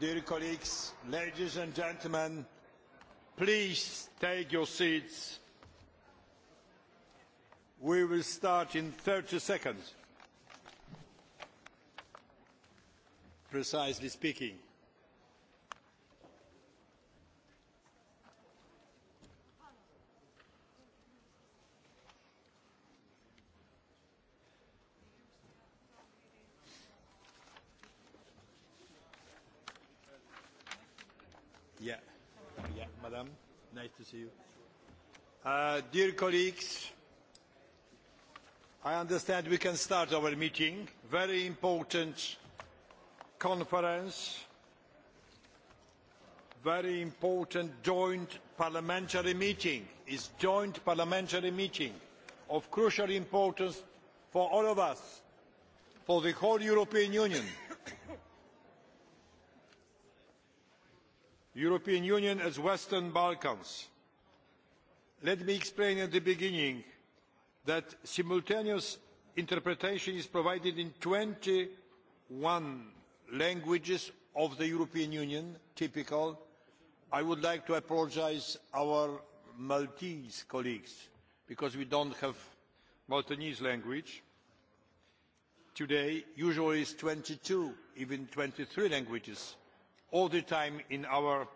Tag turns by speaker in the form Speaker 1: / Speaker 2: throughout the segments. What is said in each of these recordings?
Speaker 1: dear colleagues, ladies and gentlemen, please take your seats. We will start in 30 seconds, precisely speaking. Nice to see you. Uh, dear colleagues, I understand we can start our meeting. Very important conference, very important joint parliamentary meeting. It's joint parliamentary meeting of crucial importance for all of us, for the whole European Union. European Union as Western Balkans. Let me explain at the beginning that simultaneous interpretation is provided in twenty one languages of the European Union, typical. I would like to apologise to our Maltese colleagues because we don't have Maltese language. Today, usually it's two, even twenty three languages all the time in our,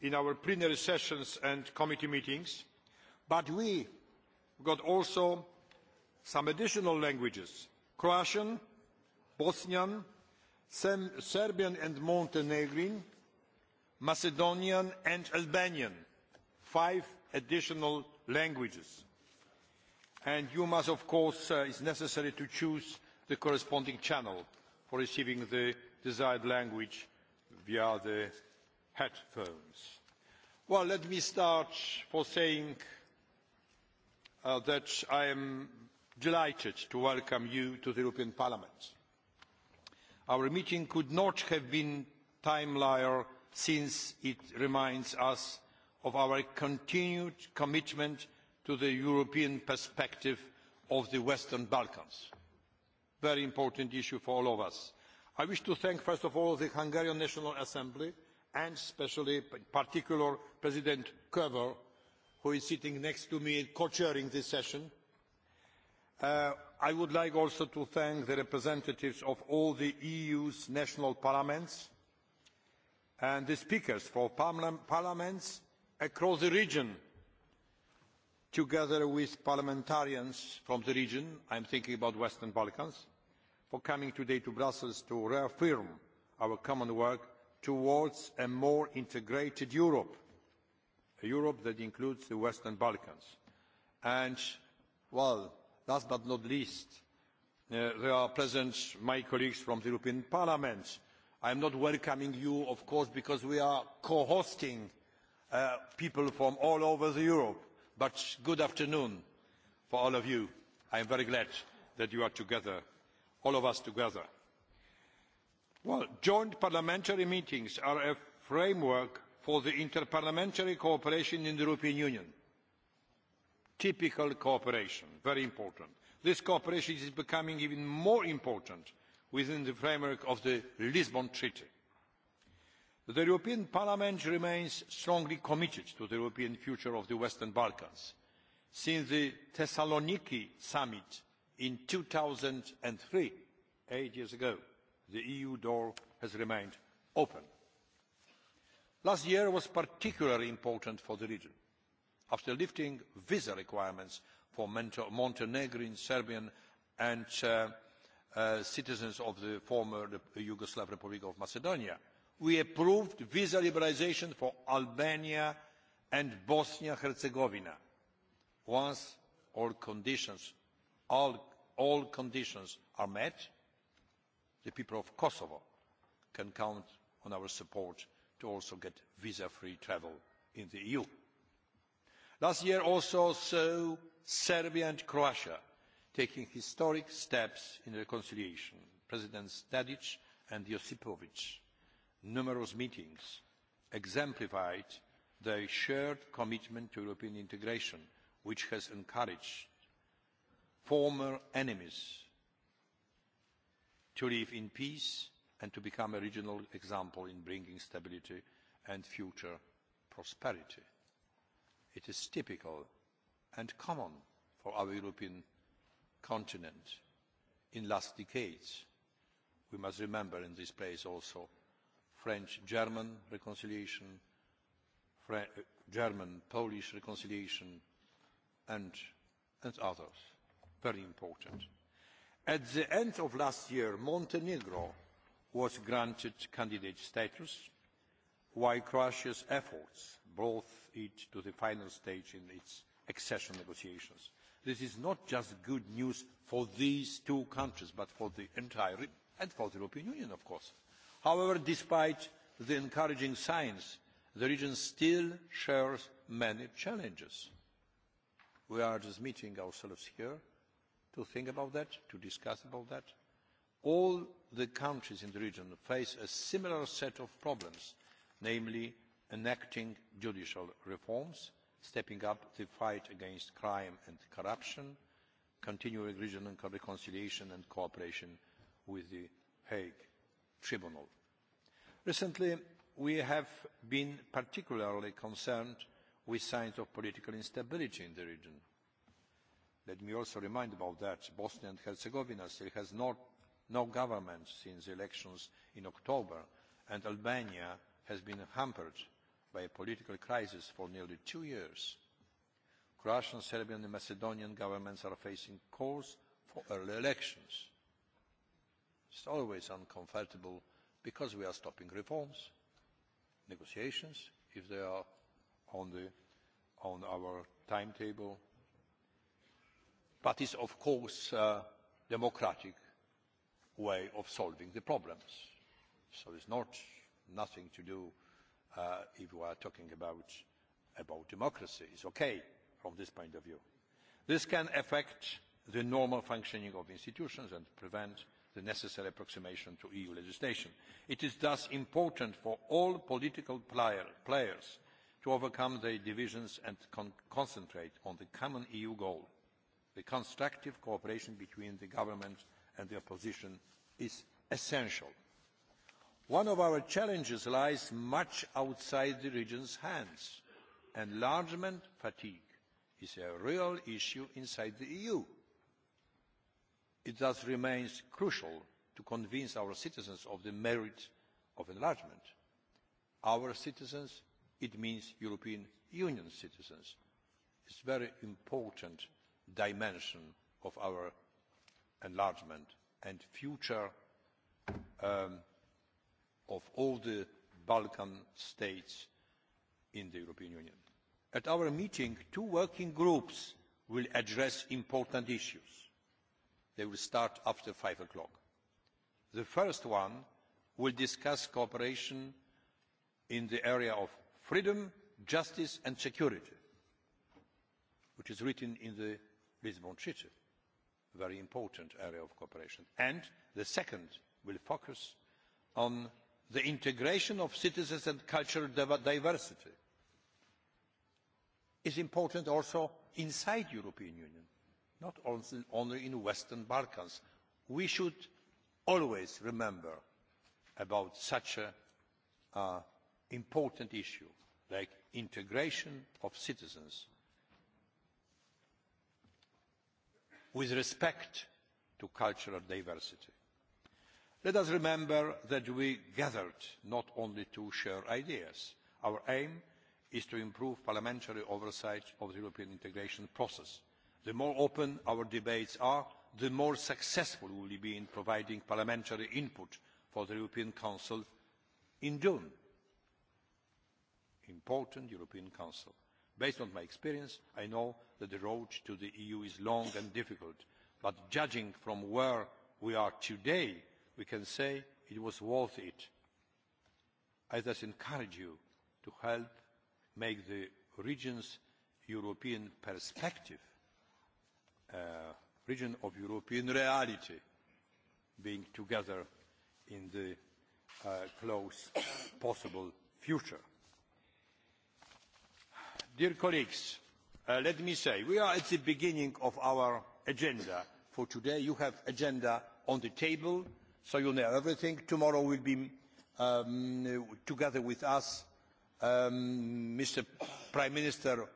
Speaker 1: in our plenary sessions and committee meetings, but we got also some additional languages, Croatian, Bosnian, Sem Serbian and Montenegrin, Macedonian and Albanian, five additional languages. And you must, of course, uh, it's necessary to choose the corresponding channel for receiving the desired language via the headphones. Well, let me start for saying uh, that I am delighted to welcome you to the European Parliament. Our meeting could not have been timelier since it reminds us of our continued commitment to the European perspective of the Western Balkans. Very important issue for all of us I wish to thank first of all the Hungarian National Assembly and especially in particular President Kovar, who is sitting next to me co-chairing this session. Uh, I would like also to thank the representatives of all the EU's national parliaments and the speakers for parliaments across the region, together with parliamentarians from the region, I am thinking about Western Balkans, for coming today to Brussels to reaffirm our common work towards a more integrated Europe, a Europe that includes the Western Balkans. And, well, last but not least, uh, there are present my colleagues from the European Parliament. I am not welcoming you, of course, because we are co-hosting uh, people from all over the Europe, but good afternoon for all of you. I am very glad that you are together all of us together. Well, joint parliamentary meetings are a framework for the interparliamentary cooperation in the European Union. Typical cooperation, very important. This cooperation is becoming even more important within the framework of the Lisbon Treaty. The European Parliament remains strongly committed to the European future of the Western Balkans. Since the Thessaloniki summit in two thousand three eight years ago the eu door has remained open. last year was particularly important for the region. after lifting visa requirements for montenegrin serbian and uh, uh, citizens of the former yugoslav republic of macedonia we approved visa liberalisation for albania and bosnia herzegovina once all conditions all all conditions are met, the people of Kosovo can count on our support to also get visa-free travel in the EU. Last year also saw Serbia and Croatia taking historic steps in reconciliation. Presidents Tadic and Josipovic, numerous meetings exemplified their shared commitment to European integration, which has encouraged former enemies to live in peace and to become a regional example in bringing stability and future prosperity. It is typical and common for our European continent in last decades. We must remember in this place also French-German reconciliation, Fre German-Polish reconciliation, and, and others very important. At the end of last year, Montenegro was granted candidate status, while Croatia's efforts brought it to the final stage in its accession negotiations. This is not just good news for these two countries, but for the entire, and for the European Union, of course. However, despite the encouraging signs, the region still shares many challenges. We are just meeting ourselves here to think about that, to discuss about that. All the countries in the region face a similar set of problems, namely enacting judicial reforms, stepping up the fight against crime and corruption, continuing regional reconciliation and cooperation with the Hague Tribunal. Recently, we have been particularly concerned with signs of political instability in the region Let me also remind about that. Bosnia and Herzegovina still has not, no government since the elections in October, and Albania has been hampered by a political crisis for nearly two years. Croatian, Serbian and Macedonian governments are facing calls for early elections. It's always uncomfortable because we are stopping reforms, negotiations, if they are on, the, on our timetable, but is of course a uh, democratic way of solving the problems. So it's not nothing to do uh, if we are talking about, about democracy. It's okay from this point of view. This can affect the normal functioning of institutions and prevent the necessary approximation to EU legislation. It is thus important for all political player, players to overcome their divisions and con concentrate on the common EU goal the constructive cooperation between the government and the opposition is essential. One of our challenges lies much outside the region's hands. Enlargement fatigue is a real issue inside the EU. It thus remains crucial to convince our citizens of the merit of enlargement. Our citizens, it means European Union citizens. It's very important dimension of our enlargement and future um, of all the Balkan states in the European Union. At our meeting, two working groups will address important issues. They will start after five o'clock. The first one will discuss cooperation in the area of freedom, justice and security, which is written in the Lisbon-Treaty, a very important area of cooperation. And the second will focus on the integration of citizens and cultural diversity. is important also inside the European Union, not only in the Western Balkans. We should always remember about such an uh, important issue like integration of citizens with respect to cultural diversity. Let us remember that we gathered not only to share ideas. Our aim is to improve parliamentary oversight of the European integration process. The more open our debates are, the more successful we will be in providing parliamentary input for the European Council in June. Important European Council. Based on my experience, I know that the road to the EU is long and difficult, but judging from where we are today, we can say it was worth it. I thus encourage you to help make the region's European perspective, uh, region of European reality, being together in the uh, close possible future. Dear colleagues, uh, let me say, we are at the beginning of our agenda for today. You have agenda on the table, so you know everything. Tomorrow will be um, together with us um, Mr. Prime Minister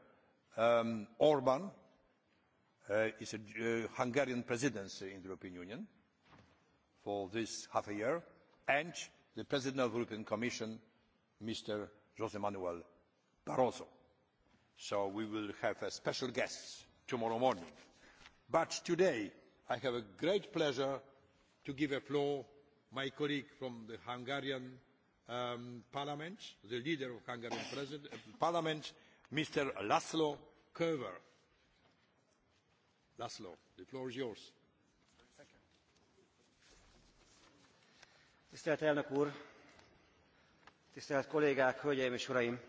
Speaker 1: um, Orban, uh, is a uh, Hungarian presidency in the European Union for this half a year, and the President of the European Commission, Mr. José Manuel Barroso. So we will have a special guest tomorrow morning. But today I have a great pleasure to give a floor my colleague from the Hungarian um, Parliament, the leader of Hungarian President, uh, Parliament, Mr. Laszlo Köver. Laszlo, the
Speaker 2: floor is yours. Tisztelt elnök úr, tisztelt kollégák, hölgyeim és uraim!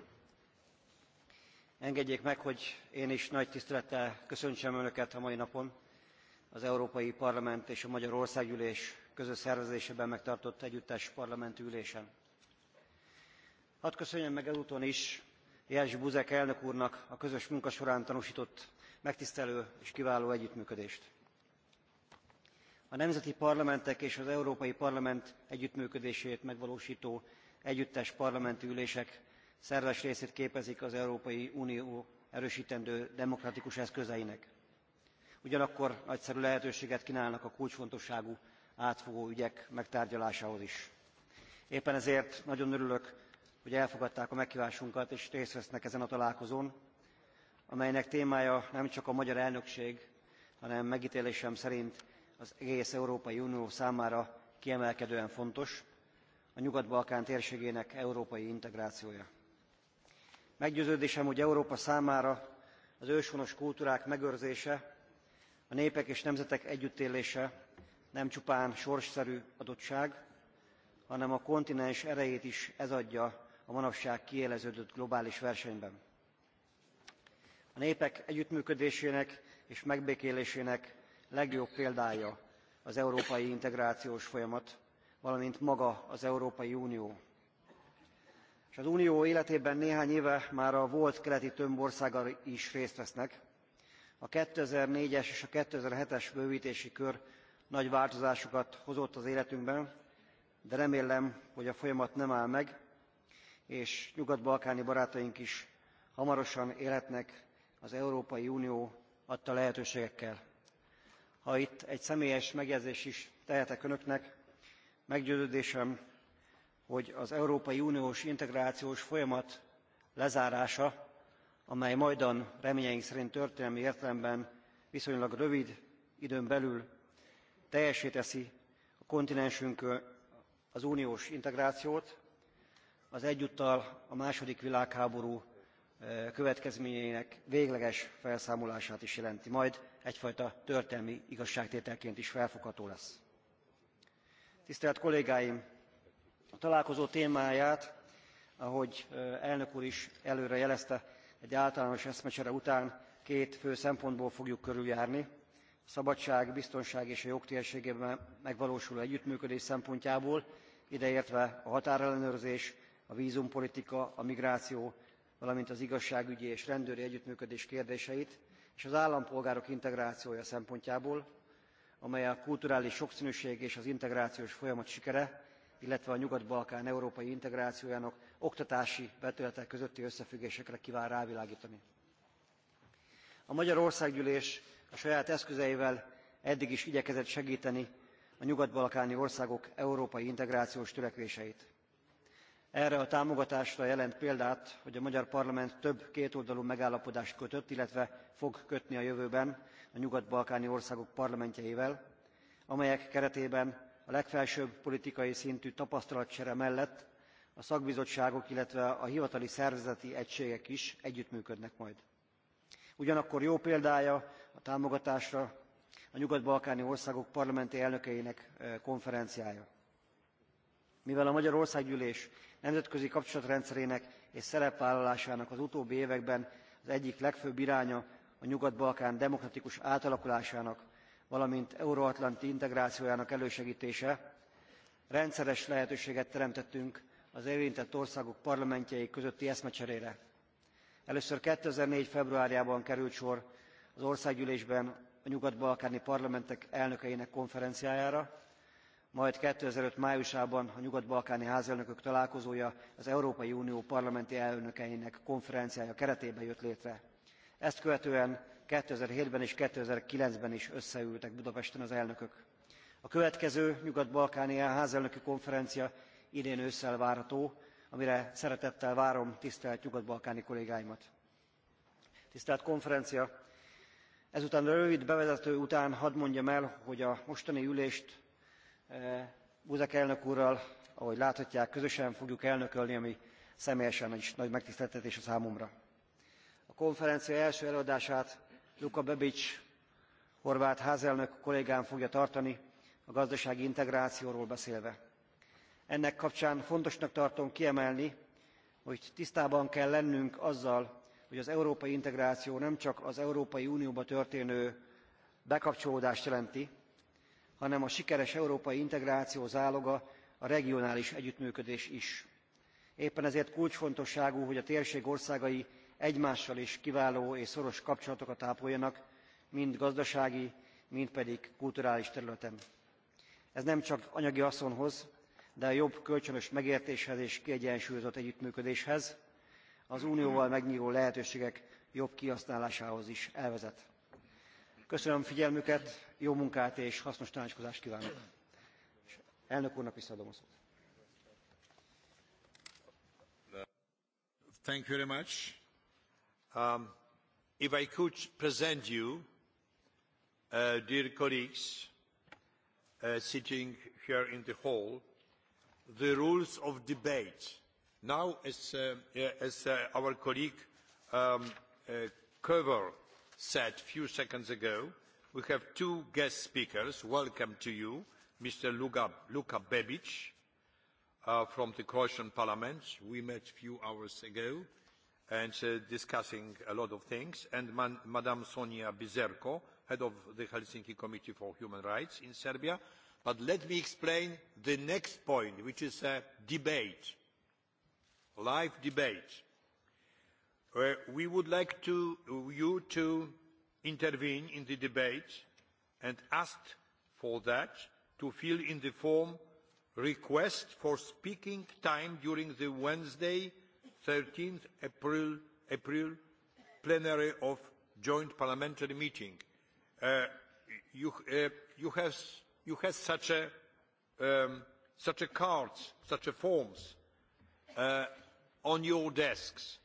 Speaker 2: Engedjék meg, hogy én is nagy tisztelettel köszöntsem Önöket a mai napon az Európai Parlament és a Magyar Országgyűlés közös szervezésében megtartott együttes parlamenti ülésen. Hadd köszönjem meg ezúton is Jelzs Buzek elnök úrnak a közös munka során tanúsított megtisztelő és kiváló együttműködést. A nemzeti parlamentek és az Európai Parlament együttműködését megvalósító együttes parlamenti ülések szerves részét képezik az Európai Unió erősítendő demokratikus eszközeinek. Ugyanakkor nagyszerű lehetőséget kínálnak a kulcsfontosságú átfogó ügyek megtárgyalásához is. Éppen ezért nagyon örülök, hogy elfogadták a meghívásunkat és részt vesznek ezen a találkozón, amelynek témája nem csak a magyar elnökség, hanem megítélésem szerint az egész Európai Unió számára kiemelkedően fontos, a Nyugat-Balkán térségének európai integrációja. Meggyőződésem, hogy Európa számára az őshonos kultúrák megőrzése, a népek és nemzetek együttélése nem csupán sorsszerű adottság, hanem a kontinens erejét is ez adja a manapság kieleződött globális versenyben. A népek együttműködésének és megbékélésének legjobb példája az európai integrációs folyamat, valamint maga az Európai Unió és az unió életében néhány éve már a volt keleti tömbországa is részt vesznek. A 2004-es és a 2007-es bővítési kör nagy változásokat hozott az életünkben, de remélem, hogy a folyamat nem áll meg, és nyugat-balkáni barátaink is hamarosan élhetnek az Európai Unió adta lehetőségekkel. Ha itt egy személyes megjegyzés is tehetek önöknek, meggyőződésem, hogy az Európai Uniós integrációs folyamat lezárása, amely majdan reményeink szerint történelmi értelemben viszonylag rövid időn belül teljesé teszi a kontinensünkön az uniós integrációt, az egyúttal a második világháború e, következményeinek végleges felszámolását is jelenti majd, egyfajta történelmi igazságtételként is felfogható lesz. Tisztelt kollégáim! A találkozó témáját, ahogy elnök úr is előre jelezte, egy általános eszmecsere után két fő szempontból fogjuk körüljárni. A szabadság, biztonság és a jogtérségében megvalósuló együttműködés szempontjából, ideértve a határellenőrzés, a vízumpolitika, a migráció, valamint az igazságügyi és rendőri együttműködés kérdéseit, és az állampolgárok integrációja szempontjából, amely a kulturális sokszínűség és az integrációs folyamat sikere, illetve a Nyugat-Balkán európai integrációjának oktatási betülete közötti összefüggésekre kíván rávilágítani. A Magyar Országgyűlés a saját eszközeivel eddig is igyekezett segíteni a nyugat-balkáni országok európai integrációs törekvéseit. Erre a támogatásra jelent példát, hogy a Magyar Parlament több kétoldalú megállapodást kötött, illetve fog kötni a jövőben a nyugat-balkáni országok parlamentjeivel, amelyek keretében a legfelsőbb politikai szintű tapasztalatcsere mellett a szakbizottságok, illetve a hivatali szervezeti egységek is együttműködnek majd. Ugyanakkor jó példája a támogatásra a nyugat-balkáni országok parlamenti elnökeinek konferenciája. Mivel a Magyar Országgyűlés nemzetközi kapcsolatrendszerének és szerepvállalásának az utóbbi években az egyik legfőbb iránya a Nyugat-Balkán demokratikus átalakulásának valamint euróatlanti integrációjának elősegítése, rendszeres lehetőséget teremtettünk az érintett országok parlamentjei közötti eszmecserére. Először 2004. februárjában került sor az országgyűlésben a nyugat-balkáni parlamentek elnökeinek konferenciájára, majd 2005. májusában a nyugat-balkáni házelnökök találkozója az Európai Unió parlamenti elnökeinek konferenciája keretében jött létre. Ezt követően 2007-ben és 2009-ben is összeültek Budapesten az elnökök. A következő nyugat-balkáni házelnöki konferencia idén ősszel várható, amire szeretettel várom tisztelt nyugat-balkáni kollégáimat. Tisztelt konferencia, ezután a rövid bevezető után hadd mondjam el, hogy a mostani ülést eh, Buzek elnök úrral, ahogy láthatják, közösen fogjuk elnökölni, ami személyesen is nagy megtiszteltetés a számomra. A konferencia első előadását Luka Bebic horvát házelnök kollégám fogja tartani a gazdasági integrációról beszélve. Ennek kapcsán fontosnak tartom kiemelni, hogy tisztában kell lennünk azzal, hogy az európai integráció nem csak az Európai Unióba történő bekapcsolódást jelenti, hanem a sikeres európai integráció záloga a regionális együttműködés is. Éppen ezért kulcsfontosságú, hogy a térség országai egymással is kiváló és szoros kapcsolatokat ápoljanak, mind gazdasági, mind pedig kulturális területen. Ez nem csak anyagi haszonhoz, de a jobb kölcsönös megértéshez és kiegyensúlyozott együttműködéshez, az unióval megnyíló lehetőségek jobb kihasználásához is elvezet. Köszönöm figyelmüket, jó munkát és hasznos tanácskozást kívánok. És elnök úrnak visszaadom a szót.
Speaker 1: Thank you very much. Um, if I could present you, uh, dear colleagues, uh, sitting here in the hall, the rules of debate. Now, as, uh, uh as uh, our colleague um, uh, Kover said a few seconds ago, we have two guest speakers. Welcome to you, Mr. Luka, Luka Bebic uh, from the Croatian Parliament. We met a few hours ago and uh, discussing a lot of things, and Man Madame Sonia Bizerko, head of the Helsinki Committee for Human Rights in Serbia. But let me explain the next point, which is a debate, live debate. Uh, we would like to, you to intervene in the debate and ask for that to fill in the form request for speaking time during the Wednesday 13 April, April plenary of joint parliamentary meeting. Uh, you, uh, you, have, you have such a, um, such a cards, such a forms uh, on your desks.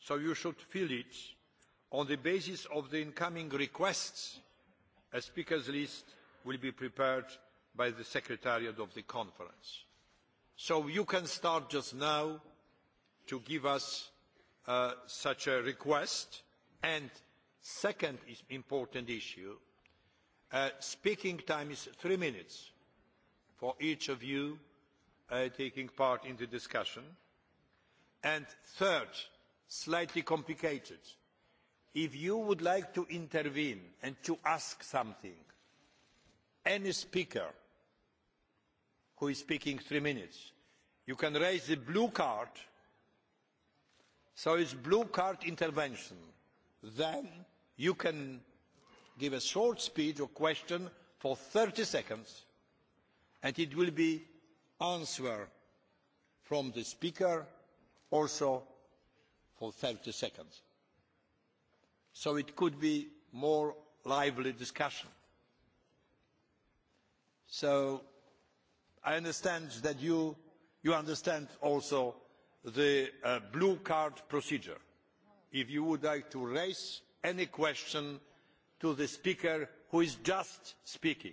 Speaker 1: So you should fill it on the basis of the incoming requests. A speaker's list will be prepared by the secretariat of the conference. So you can start just now to give us uh, such a request. And second important issue, uh, speaking time is three minutes for each of you uh, taking part in the discussion. And third, slightly complicated, if you would like to intervene and to ask something, any speaker who is speaking three minutes, you can raise the blue card So it's blue card intervention. Then you can give a short speech or question for 30 seconds and it will be answer from the speaker also for 30 seconds. So it could be more lively discussion. So I understand that you, you understand also the uh, blue card procedure. If you would like to raise any question to the speaker who is just speaking.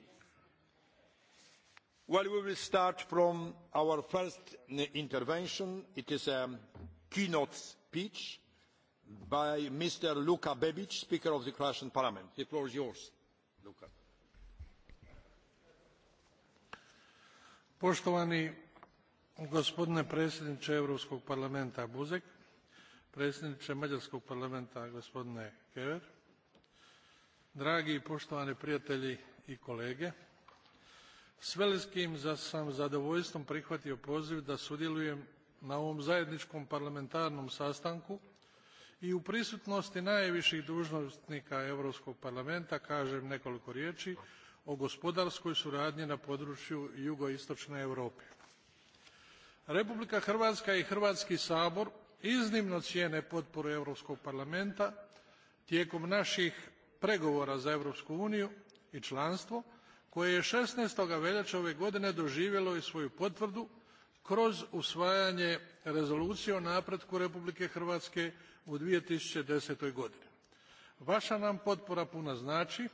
Speaker 1: Well, we will start from our first intervention. It is a keynote speech by Mr. Luka Bebic, Speaker of the Croatian Parliament. The floor is yours, Luka.
Speaker 3: Poštovani Gospodine predsjedniče Europskog parlamenta Buzek, predsjedniče Mađarskog parlamenta gospodine Kever, dragi i poštovani prijatelji i kolege, s velikim sam zadovoljstvom prihvatio poziv da sudjelujem na ovom zajedničkom parlamentarnom sastanku i u prisutnosti najviših dužnosnika Europskog parlamenta kažem nekoliko riječi o gospodarskoj suradnji na području jugoistočne Europe. Republika Hrvatska i Hrvatski sabor iznimno cijene potporu Europskog parlamenta tijekom naših pregovora za Europsku uniju i članstvo, koje je 16. veljače ove godine doživjelo i svoju potvrdu kroz usvajanje rezolucije o napretku Republike Hrvatske u 2010. godini. Vaša nam potpora puna znači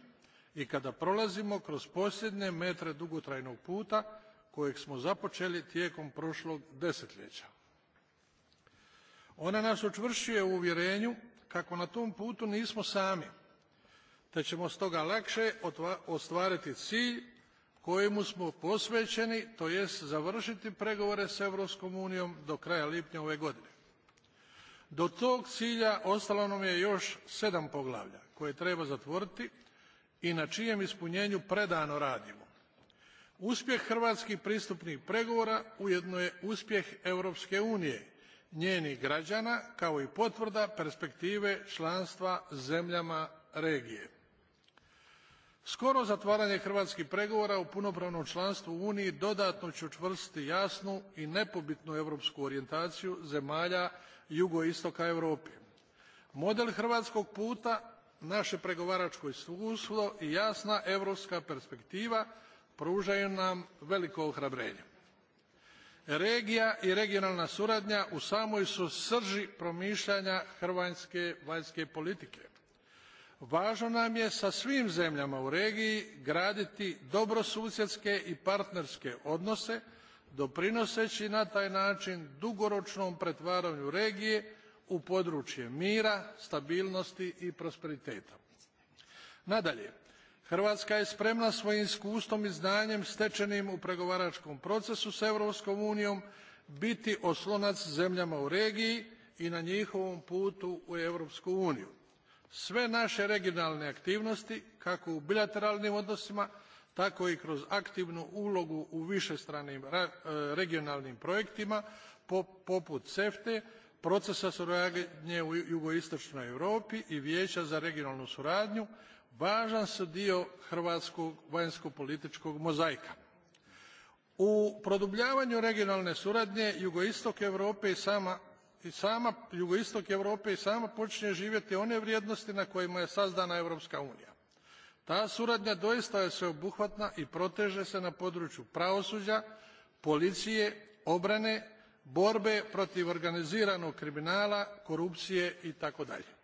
Speaker 3: i kada prolazimo kroz posljednje metre dugotrajnog puta kojeg smo započeli tijekom prošlog desetljeća. Ona nas učvršuje u uvjerenju kako na tom putu nismo sami, te ćemo stoga lakše ostvariti cilj kojemu smo posvećeni, to jest završiti pregovore s Europskom unijom do kraja lipnja ove godine. Do tog cilja ostalo nam je još sedam poglavlja koje treba zatvoriti i na čijem ispunjenju predano radimo. Uspjeh hrvatskih pristupnih pregovora ujedno je uspjeh Europske unije, njenih građana kao i potvrda perspektive članstva zemljama regije. Skoro zatvaranje hrvatskih pregovora u punopravnom članstvu Uniji dodatno će učvrstiti jasnu i nepobitnu europsku orijentaciju zemalja jugoistoka Europe. Model hrvatskog puta, naše pregovaračko iskustvo i jasna europska perspektiva – pružaju nam veliko ohrabrenje. Regija i regionalna suradnja u samoj su srži promišljanja hrvatske vanjske politike. Važno nam je sa svim zemljama u regiji graditi dobrosusjedske i partnerske odnose, doprinoseći na taj način dugoročnom pretvaranju regije u područje mira, stabilnosti i prosperiteta. Nadalje, Hrvatska je spremna svojim iskustvom i znanjem stečenim u pregovaračkom procesu s Europskom unijom biti oslonac zemljama u regiji i na njihovom putu u Europsku uniju. Sve naše regionalne aktivnosti, kako u bilateralnim odnosima, tako i kroz aktivnu ulogu u višestranim e, regionalnim projektima, poput CEFTE, procesa suradnje u jugoistočnoj Europi i Vijeća za regionalnu suradnju, važan su dio hrvatskog vanjsko-političkog mozaika. U produbljavanju regionalne suradnje jugoistok Europe i sama i sama jugoistok Europe i sama počinje živjeti one vrijednosti na kojima je sazdana Europska unija. Ta suradnja doista je sveobuhvatna i proteže se na području pravosuđa, policije, obrane, borbe protiv organiziranog kriminala, korupcije i tako dalje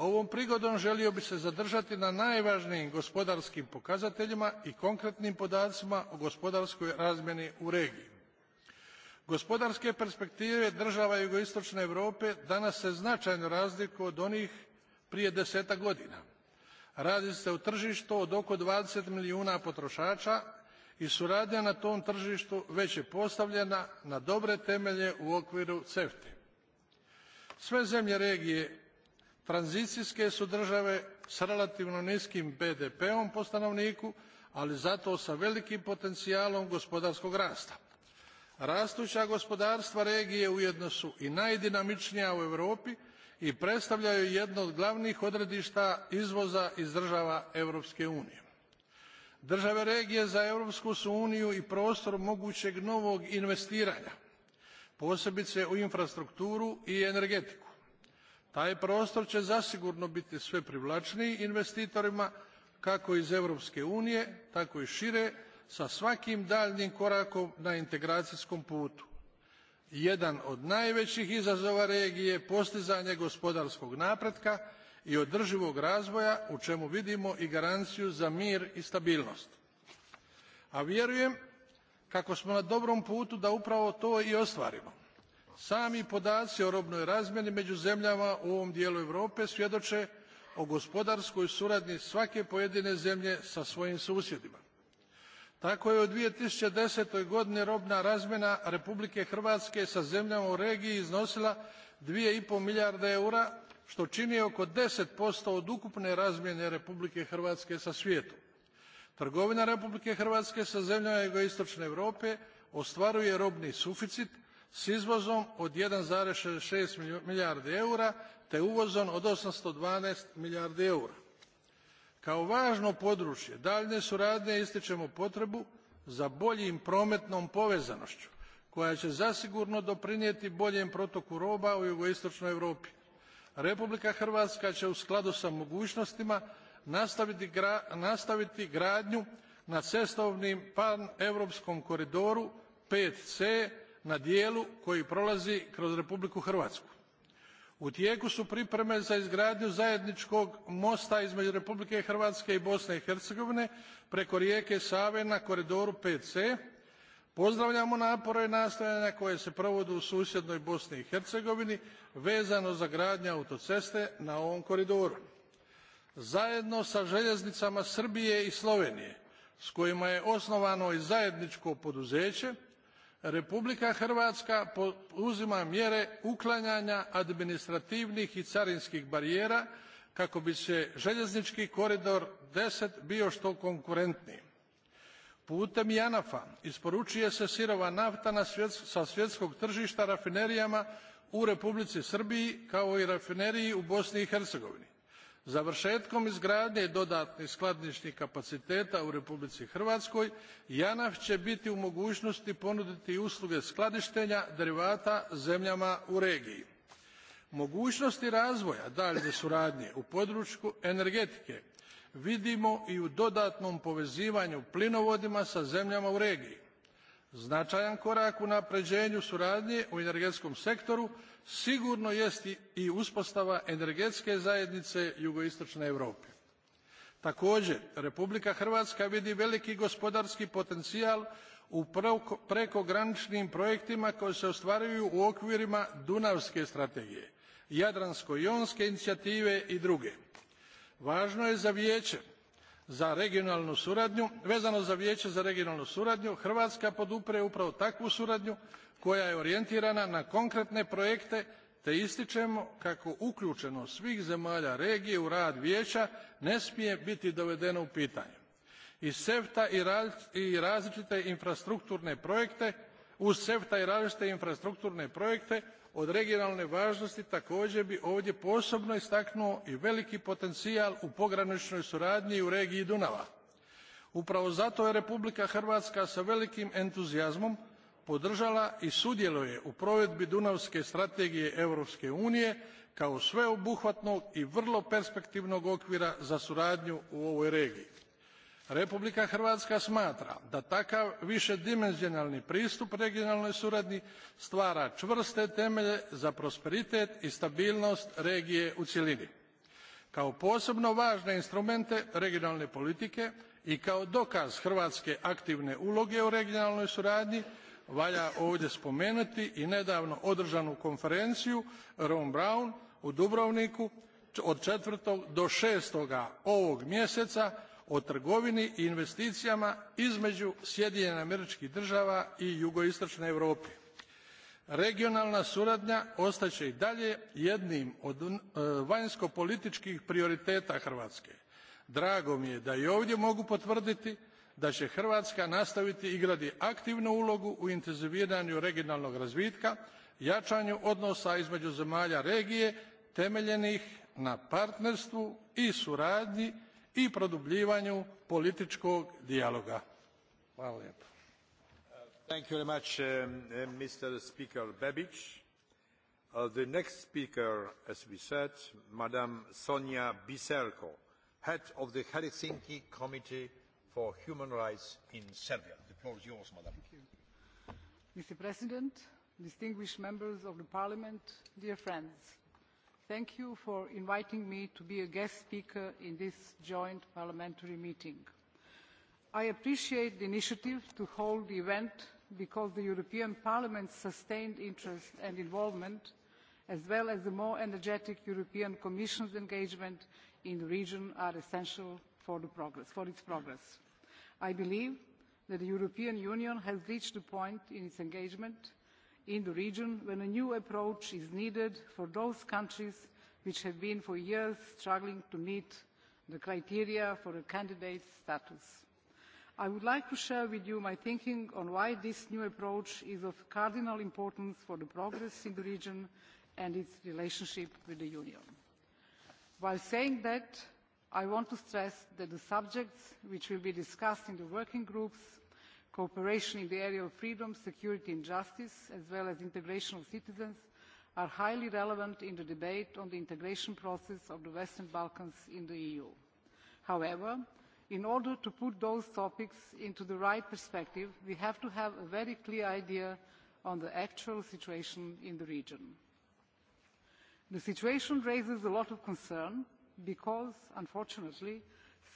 Speaker 3: ovom prigodom želio bih se zadržati na najvažnijim gospodarskim pokazateljima i konkretnim podacima o gospodarskoj razmjeni u regiji. gospodarske perspektive država jugoistočne europe danas se značajno razlikuju od onih prije desetak godina. radi se o tržištu od oko dvadeset milijuna potrošača i suradnja na tom tržištu već je postavljena na dobre temelje u okviru cefta sve zemlje regije tranzicijske su države s relativno niskim bdp om po stanovniku ali zato s velikim potencijalom gospodarskog rasta. rastuća gospodarstva regije ujedno su i najdinamičnija u europi i predstavljaju jedno od glavnih odredišta izvoza iz država europske unije. države regije za europsku su uniju i prostor mogućeg novog investiranja posebice u infrastrukturu i energetiku Taj prostor će zasigurno biti sve privlačniji investitorima kako iz Europske unije, tako i šire, sa svakim daljnjim korakom na integracijskom putu. Jedan od najvećih izazova regije je postizanje gospodarskog napretka i održivog razvoja u čemu vidimo i garanciju za mir i stabilnost. A vjerujem kako smo na dobrom putu da upravo to i ostvarimo. Sami podaci o robnoj razmjeni među zemljama u ovom dijelu Europe svjedoče o gospodarskoj suradnji svake pojedine zemlje sa svojim susjedima. Tako je u 2010. godini robna razmjena Republike Hrvatske sa zemljama u regiji iznosila 2,5 milijarde eura, što čini oko 10% od ukupne razmjene Republike Hrvatske sa svijetom. Trgovina Republike Hrvatske sa zemljama jugoistočne Europe ostvaruje robni suficit, s izvozom od 1,66 milijardi eura te uvozom od 812 milijardi eura. Kao važno područje daljne suradnje ističemo potrebu za boljim prometnom povezanošću koja će zasigurno doprinijeti boljem protoku roba u jugoistočnoj Europi. Republika Hrvatska će u skladu sa mogućnostima nastaviti, gra, nastaviti gradnju na cestovnim pan-europskom koridoru 5C na dijelu koji prolazi kroz Republiku Hrvatsku. U tijeku su pripreme za izgradnju zajedničkog mosta između Republike Hrvatske i Bosne i Hercegovine preko rijeke Save na koridoru 5C. Pozdravljamo napore i nastojanja koje se provode u susjednoj Bosni i Hercegovini vezano za gradnju autoceste na ovom koridoru. Zajedno sa željeznicama Srbije i Slovenije s kojima je osnovano i zajedničko poduzeće, Republika Hrvatska uzima mjere uklanjanja administrativnih i carinskih barijera kako bi se željeznički koridor 10 bio što konkurentniji. Putem Janafa isporučuje se sirova nafta na sa svjetskog tržišta rafinerijama u Republici Srbiji kao i rafineriji u Bosni i Hercegovini. Završetkom izgradnje dodatnih skladničnih kapaciteta u Republici Hrvatskoj JANAF će biti u mogućnosti ponuditi usluge skladištenja derivata zemljama u regiji. Mogućnosti razvoja dalje suradnje u području energetike vidimo i u dodatnom povezivanju plinovodima sa zemljama u regiji Značajan korak u napređenju suradnje u energetskom sektoru sigurno jest i uspostava energetske zajednice jugoistočne Europe. Također, Republika Hrvatska vidi veliki gospodarski potencijal u prekograničnim projektima koji se ostvaruju u okvirima Dunavske strategije, Jadransko-jonske inicijative i druge. Važno je za vijeće za regionalnu suradnju vezano za vijeće za regionalnu suradnju hrvatska podupire upravo takvu suradnju koja je orijentirana na konkretne projekte te ističemo kako uključenost svih zemalja regije u rad vijeća ne smije biti dovedena u pitanje. Iz sefta i različite infrastrukturne projekte uz sefta i različite infrastrukturne projekte od regionalne važnosti također bi ovdje posebno istaknuo i veliki potencijal u pograničnoj suradnji u regiji Dunava. Upravo zato je Republika Hrvatska sa velikim entuzijazmom podržala i sudjeluje u provedbi Dunavske strategije Europske unije kao sveobuhvatnog i vrlo perspektivnog okvira za suradnju u ovoj regiji. Republika Hrvatska smatra da takav višedimenzionalni pristup regionalnoj suradnji stvara čvrste temelje za prosperitet i stabilnost regije u cjelini. Kao posebno važne instrumente regionalne politike i kao dokaz hrvatske aktivne uloge u regionalnoj suradnji valja ovdje spomenuti i nedavno održanu konferenciju Ron Brown u Dubrovniku od 4. do 6. ovog mjeseca o trgovini i investicijama između Sjedinjene američkih država i jugoistočne Europe. Regionalna suradnja ostaće i dalje jednim od e, vanjsko-političkih prioriteta Hrvatske. Drago mi je da i ovdje mogu potvrditi da će Hrvatska nastaviti igrati aktivnu ulogu u intenziviranju regionalnog razvitka, jačanju odnosa između zemalja regije temeljenih na partnerstvu i suradnji i produbljivanju političkog
Speaker 1: dijaloga. Hvala lijepo. Thank you very much, um, uh, um, Mr. Speaker Babic. Uh, the next speaker, as we said, Madam Sonia Biserko, head of the Helsinki Committee for Human Rights in Serbia. The floor is yours, Madam. Thank
Speaker 4: you. Mr. President, distinguished members of the Parliament, dear friends, Thank you for inviting me to be a guest speaker in this joint parliamentary meeting. I appreciate the initiative to hold the event because the European Parliament's sustained interest and involvement, as well as the more energetic European Commission's engagement in the region, are essential for, the progress, for its progress. I believe that the European Union has reached a point in its engagement in the region when a new approach is needed for those countries which have been for years struggling to meet the criteria for a candidate status. I would like to share with you my thinking on why this new approach is of cardinal importance for the progress in the region and its relationship with the Union. While saying that, I want to stress that the subjects which will be discussed in the working groups Cooperation in the area of freedom, security and justice, as well as integration of citizens, are highly relevant in the debate on the integration process of the Western Balkans in the EU. However, in order to put those topics into the right perspective, we have to have a very clear idea on the actual situation in the region. The situation raises a lot of concern because, unfortunately,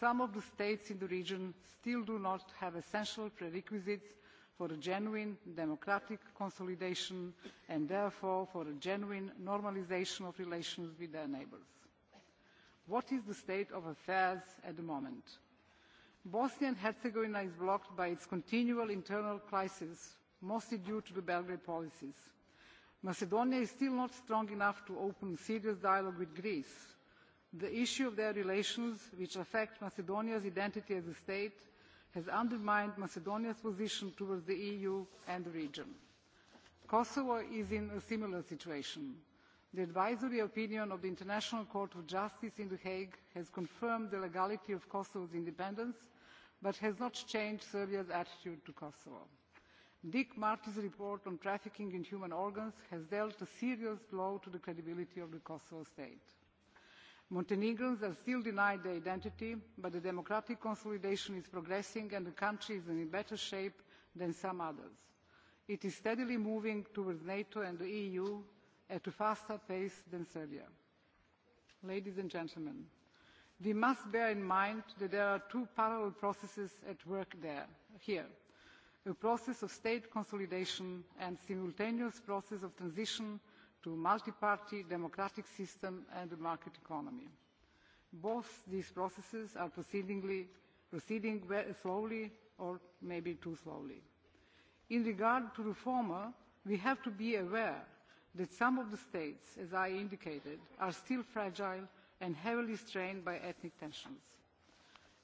Speaker 4: some of the states in the region still do not have essential prerequisites for a genuine democratic consolidation and therefore for a genuine normalisation of relations with their neighbours. What is the state of affairs at the moment? Bosnia and Herzegovina is blocked by its continual internal crisis, mostly due to the Belgrade policies. Macedonia is still not strong enough to open serious dialogue with Greece the issue of their relations, which affect Macedonia's identity as a state, has undermined Macedonia's position towards the EU and the region. Kosovo is in a similar situation. The advisory opinion of the International Court of Justice in The Hague has confirmed the legality of Kosovo's independence, but has not changed Serbia's attitude to Kosovo. Dick Marty's report on trafficking in human organs has dealt a serious blow to the credibility of the Kosovo state. Montenegrins are still denied their identity, but the democratic consolidation is progressing and the country is in better shape than some others. It is steadily moving towards NATO and the EU at a faster pace than Serbia. Ladies and gentlemen, we must bear in mind that there are two parallel processes at work there, here a process of state consolidation and simultaneous process of transition to multi-party democratic system and the market economy. Both these processes are proceedingly, proceeding slowly or maybe too slowly. In regard to the former, we have to be aware that some of the states, as I indicated, are still fragile and heavily strained by ethnic tensions.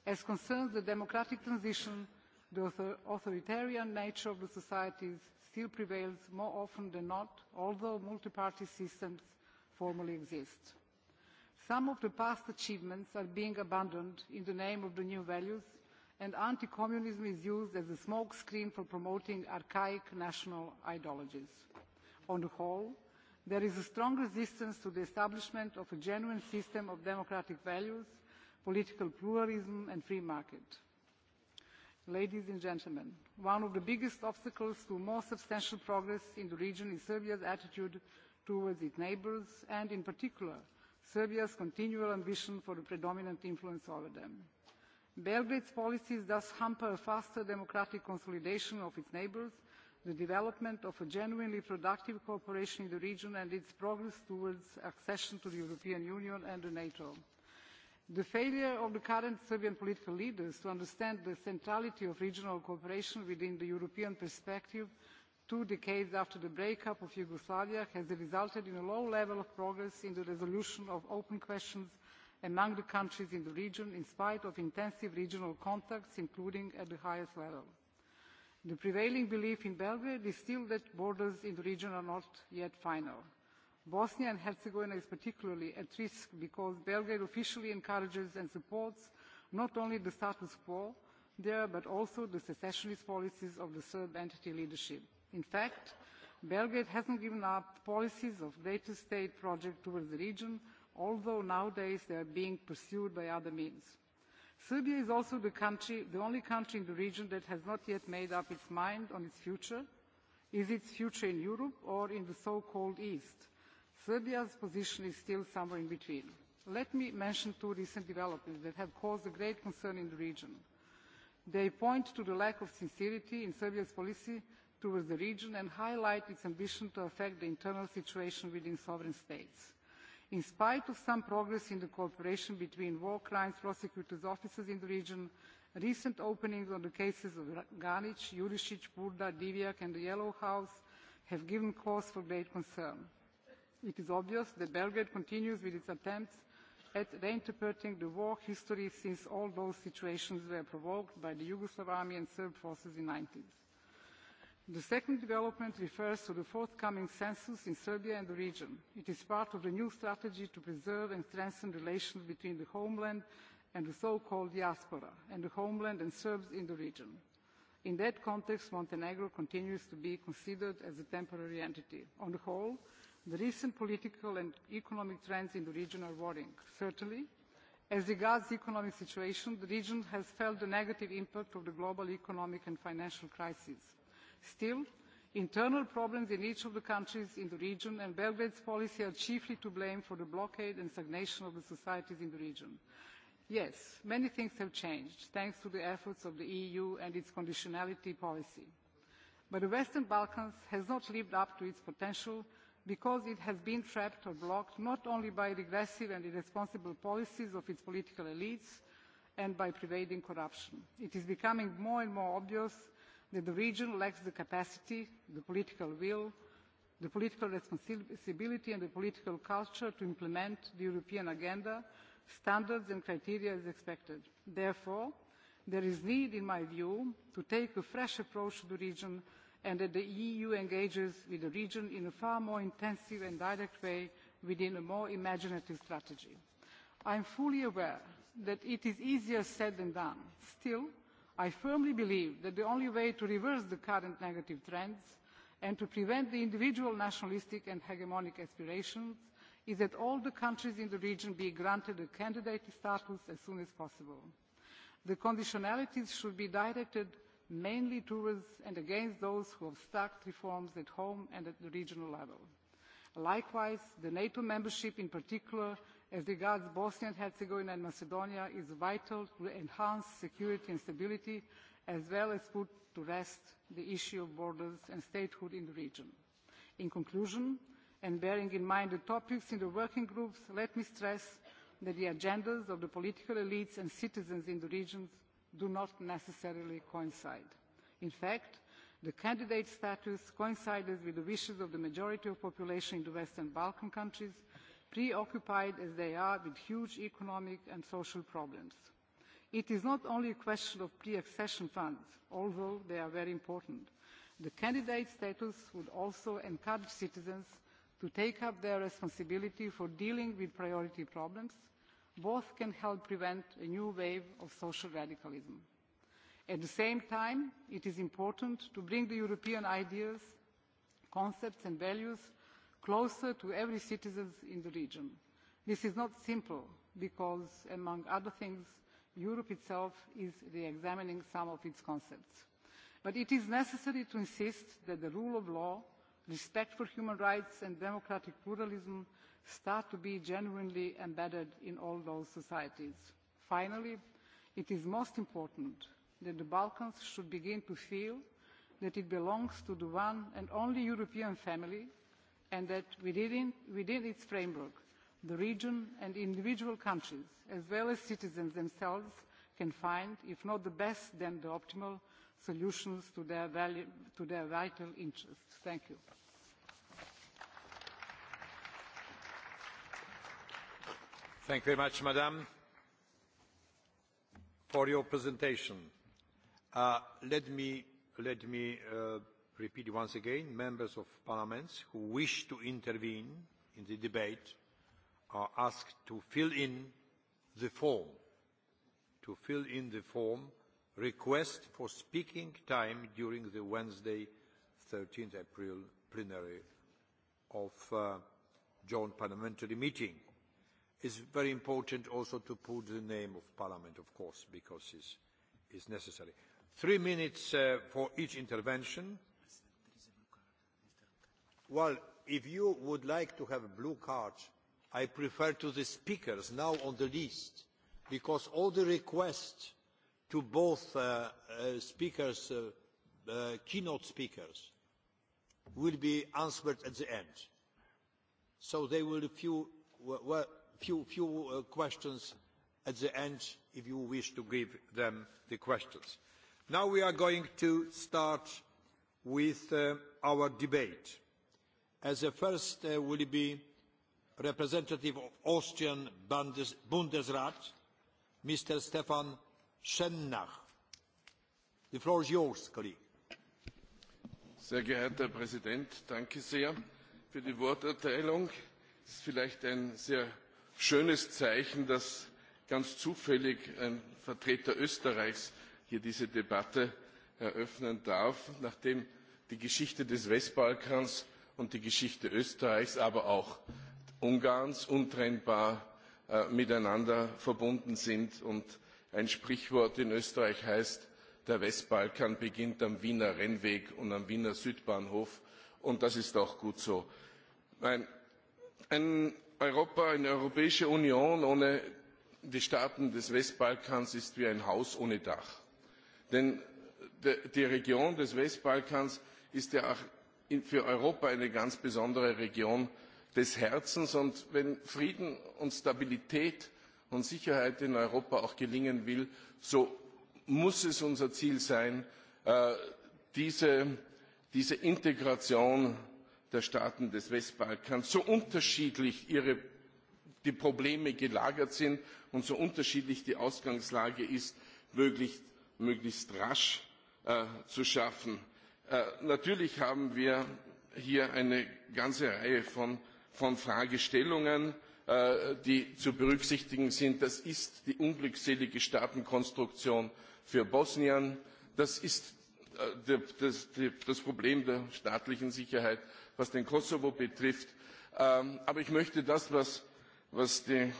Speaker 4: As concerns the democratic transition, the author authoritarian nature of the societies still prevails more often than not, although multi-party systems formally exist. Some of the past achievements are being abandoned in the name of the new values, and anti-communism is used as a smokescreen for promoting archaic national ideologies. On the whole, there is a strong resistance to the establishment of a genuine system of democratic values, political pluralism and free market ladies and gentlemen, one of the biggest obstacles to more substantial progress in the region is Serbia's attitude towards its neighbours and, in particular, Serbia's continual ambition for the predominant influence over them. Belgrade's policies thus hamper a faster democratic consolidation of its neighbours, the development of a genuinely productive cooperation in the region and its progress towards accession to the European Union and the NATO. The failure of the current Serbian political leaders to understand the centrality of regional cooperation within the European perspective two decades after the breakup of Yugoslavia has resulted in a low level of progress in the resolution of open questions among the countries in the region in spite of intensive regional contacts, including at the highest level. The prevailing belief in Belgrade is still that borders in the region are not yet final. Bosnia and Herzegovina is particularly at risk because Belgrade officially encourages and supports not only the status quo there, but also the secessionist policies of the Serb entity leadership. In fact, Belgrade hasn't given up policies of greater state project towards the region, although nowadays they are being pursued by other means. Serbia is also the, country, the only country in the region that has not yet made up its mind on its future. Is its future in Europe or in the so-called East? Serbia's position is still somewhere in between. Let me mention two recent developments that have caused great concern in the region. They point to the lack of sincerity in Serbia's policy towards the region and highlight its ambition to affect the internal situation within sovereign states. In spite of some progress in the cooperation between war crimes prosecutors' offices in the region, recent openings on the cases of Ganic, Jurisic, Burda, Divjak and the Yellow House have given cause for great concern it is obvious that Belgrade continues with its attempts at reinterpreting the war history since all those situations were provoked by the Yugoslav army and Serb forces in the 90s. The second development refers to the forthcoming census in Serbia and the region. It is part of the new strategy to preserve and strengthen relations between the homeland and the so-called diaspora, and the homeland and Serbs in the region. In that context, Montenegro continues to be considered as a temporary entity. On the whole, the recent political and economic trends in the region are worrying. Certainly, as regards the economic situation, the region has felt the negative impact of the global economic and financial crisis. Still, internal problems in each of the countries in the region and Belgrade's policy are chiefly to blame for the blockade and stagnation of the societies in the region. Yes, many things have changed thanks to the efforts of the EU and its conditionality policy. But the Western Balkans has not lived up to its potential because it has been trapped or blocked not only by regressive and irresponsible policies of its political elites and by pervading corruption. It is becoming more and more obvious that the region lacks the capacity, the political will, the political responsibility and the political culture to implement the European agenda, standards and criteria as expected. Therefore, there is need, in my view, to take a fresh approach to the region and that the EU engages with the region in a far more intensive and direct way within a more imaginative strategy. I am fully aware that it is easier said than done. Still, I firmly believe that the only way to reverse the current negative trends and to prevent the individual nationalistic and hegemonic aspirations is that all the countries in the region be granted a candidate status as soon as possible. The conditionalities should be directed mainly towards and against those who have stuck reforms at home and at the regional level. Likewise, the NATO membership in particular as regards Bosnia and Herzegovina and Macedonia is vital to enhance security and stability as well as put to rest the issue of borders and statehood in the region. In conclusion, and bearing in mind the topics in the working groups, let me stress that the agendas of the political elites and citizens in the regions do not necessarily coincide. In fact, the candidate status coincided with the wishes of the majority of the population in the Western Balkan countries, preoccupied as they are with huge economic and social problems. It is not only a question of pre-accession funds, although they are very important. The candidate status would also encourage citizens to take up their responsibility for dealing with priority problems – both can help prevent a new wave of social radicalism. At the same time, it is important to bring the European ideas, concepts and values closer to every citizen in the region. This is not simple because, among other things, Europe itself is re-examining some of its concepts. But it is necessary to insist that the rule of law, respect for human rights and democratic pluralism start to be genuinely embedded in all those societies. Finally, it is most important that the Balkans should begin to feel that it belongs to the one and only European family and that within, within its framework, the region and individual countries, as well as citizens themselves, can find, if not the best, then the optimal solutions to their, value, to their vital interests. Thank you.
Speaker 1: Thank you very much, Madam, for your presentation. Uh, let me, let me uh, repeat once again, members of parliaments who wish to intervene in the debate are asked to fill in the form, to fill in the form request for speaking time during the Wednesday 13th April plenary of uh, joint parliamentary meeting. It's very important also to put the name of Parliament, of course, because it's, it's necessary. Three minutes uh, for each intervention. Well, if you would like to have a blue card, I prefer to the speakers now on the list, because all the requests to both uh, uh, speakers, uh, uh, keynote speakers, will be answered at the end. So they will few, well, few, few uh, questions at the end if you wish to give them the questions. Now we are going to start with uh, our debate. As the first uh, will be representative of Austrian Bundes Bundesrat, Mr. Stefan Schennach.
Speaker 5: The floor is yours, colleague. Sehr geehrter Präsident, danke sehr für die Worterteilung. Es ist vielleicht ein sehr schönes Zeichen, dass ganz zufällig ein Vertreter Österreichs hier diese Debatte eröffnen darf, nachdem die Geschichte des Westbalkans und die Geschichte Österreichs, aber auch Ungarns untrennbar äh, miteinander verbunden sind. Und ein Sprichwort in Österreich heißt, der Westbalkan beginnt am Wiener Rennweg und am Wiener Südbahnhof. Und das ist auch gut so. Ein, ein Europa, eine Europäische Union ohne die Staaten des Westbalkans ist wie ein Haus ohne Dach. Denn die Region des Westbalkans ist ja auch für Europa eine ganz besondere Region des Herzens. Und wenn Frieden und Stabilität und Sicherheit in Europa auch gelingen will, so muss es unser Ziel sein, äh, diese, diese Integration der Staaten des Westbalkans so unterschiedlich ihre, die Probleme gelagert sind und so unterschiedlich die Ausgangslage ist, möglichst, möglichst rasch äh, zu schaffen. Äh, natürlich haben wir hier eine ganze Reihe von, von Fragestellungen, äh, die zu berücksichtigen sind. Das ist die unglückselige Staatenkonstruktion für Bosnien. Das ist Äh, das, das Problem der staatlichen Sicherheit, was den Kosovo betrifft. Ähm, aber ich möchte das, was, was die,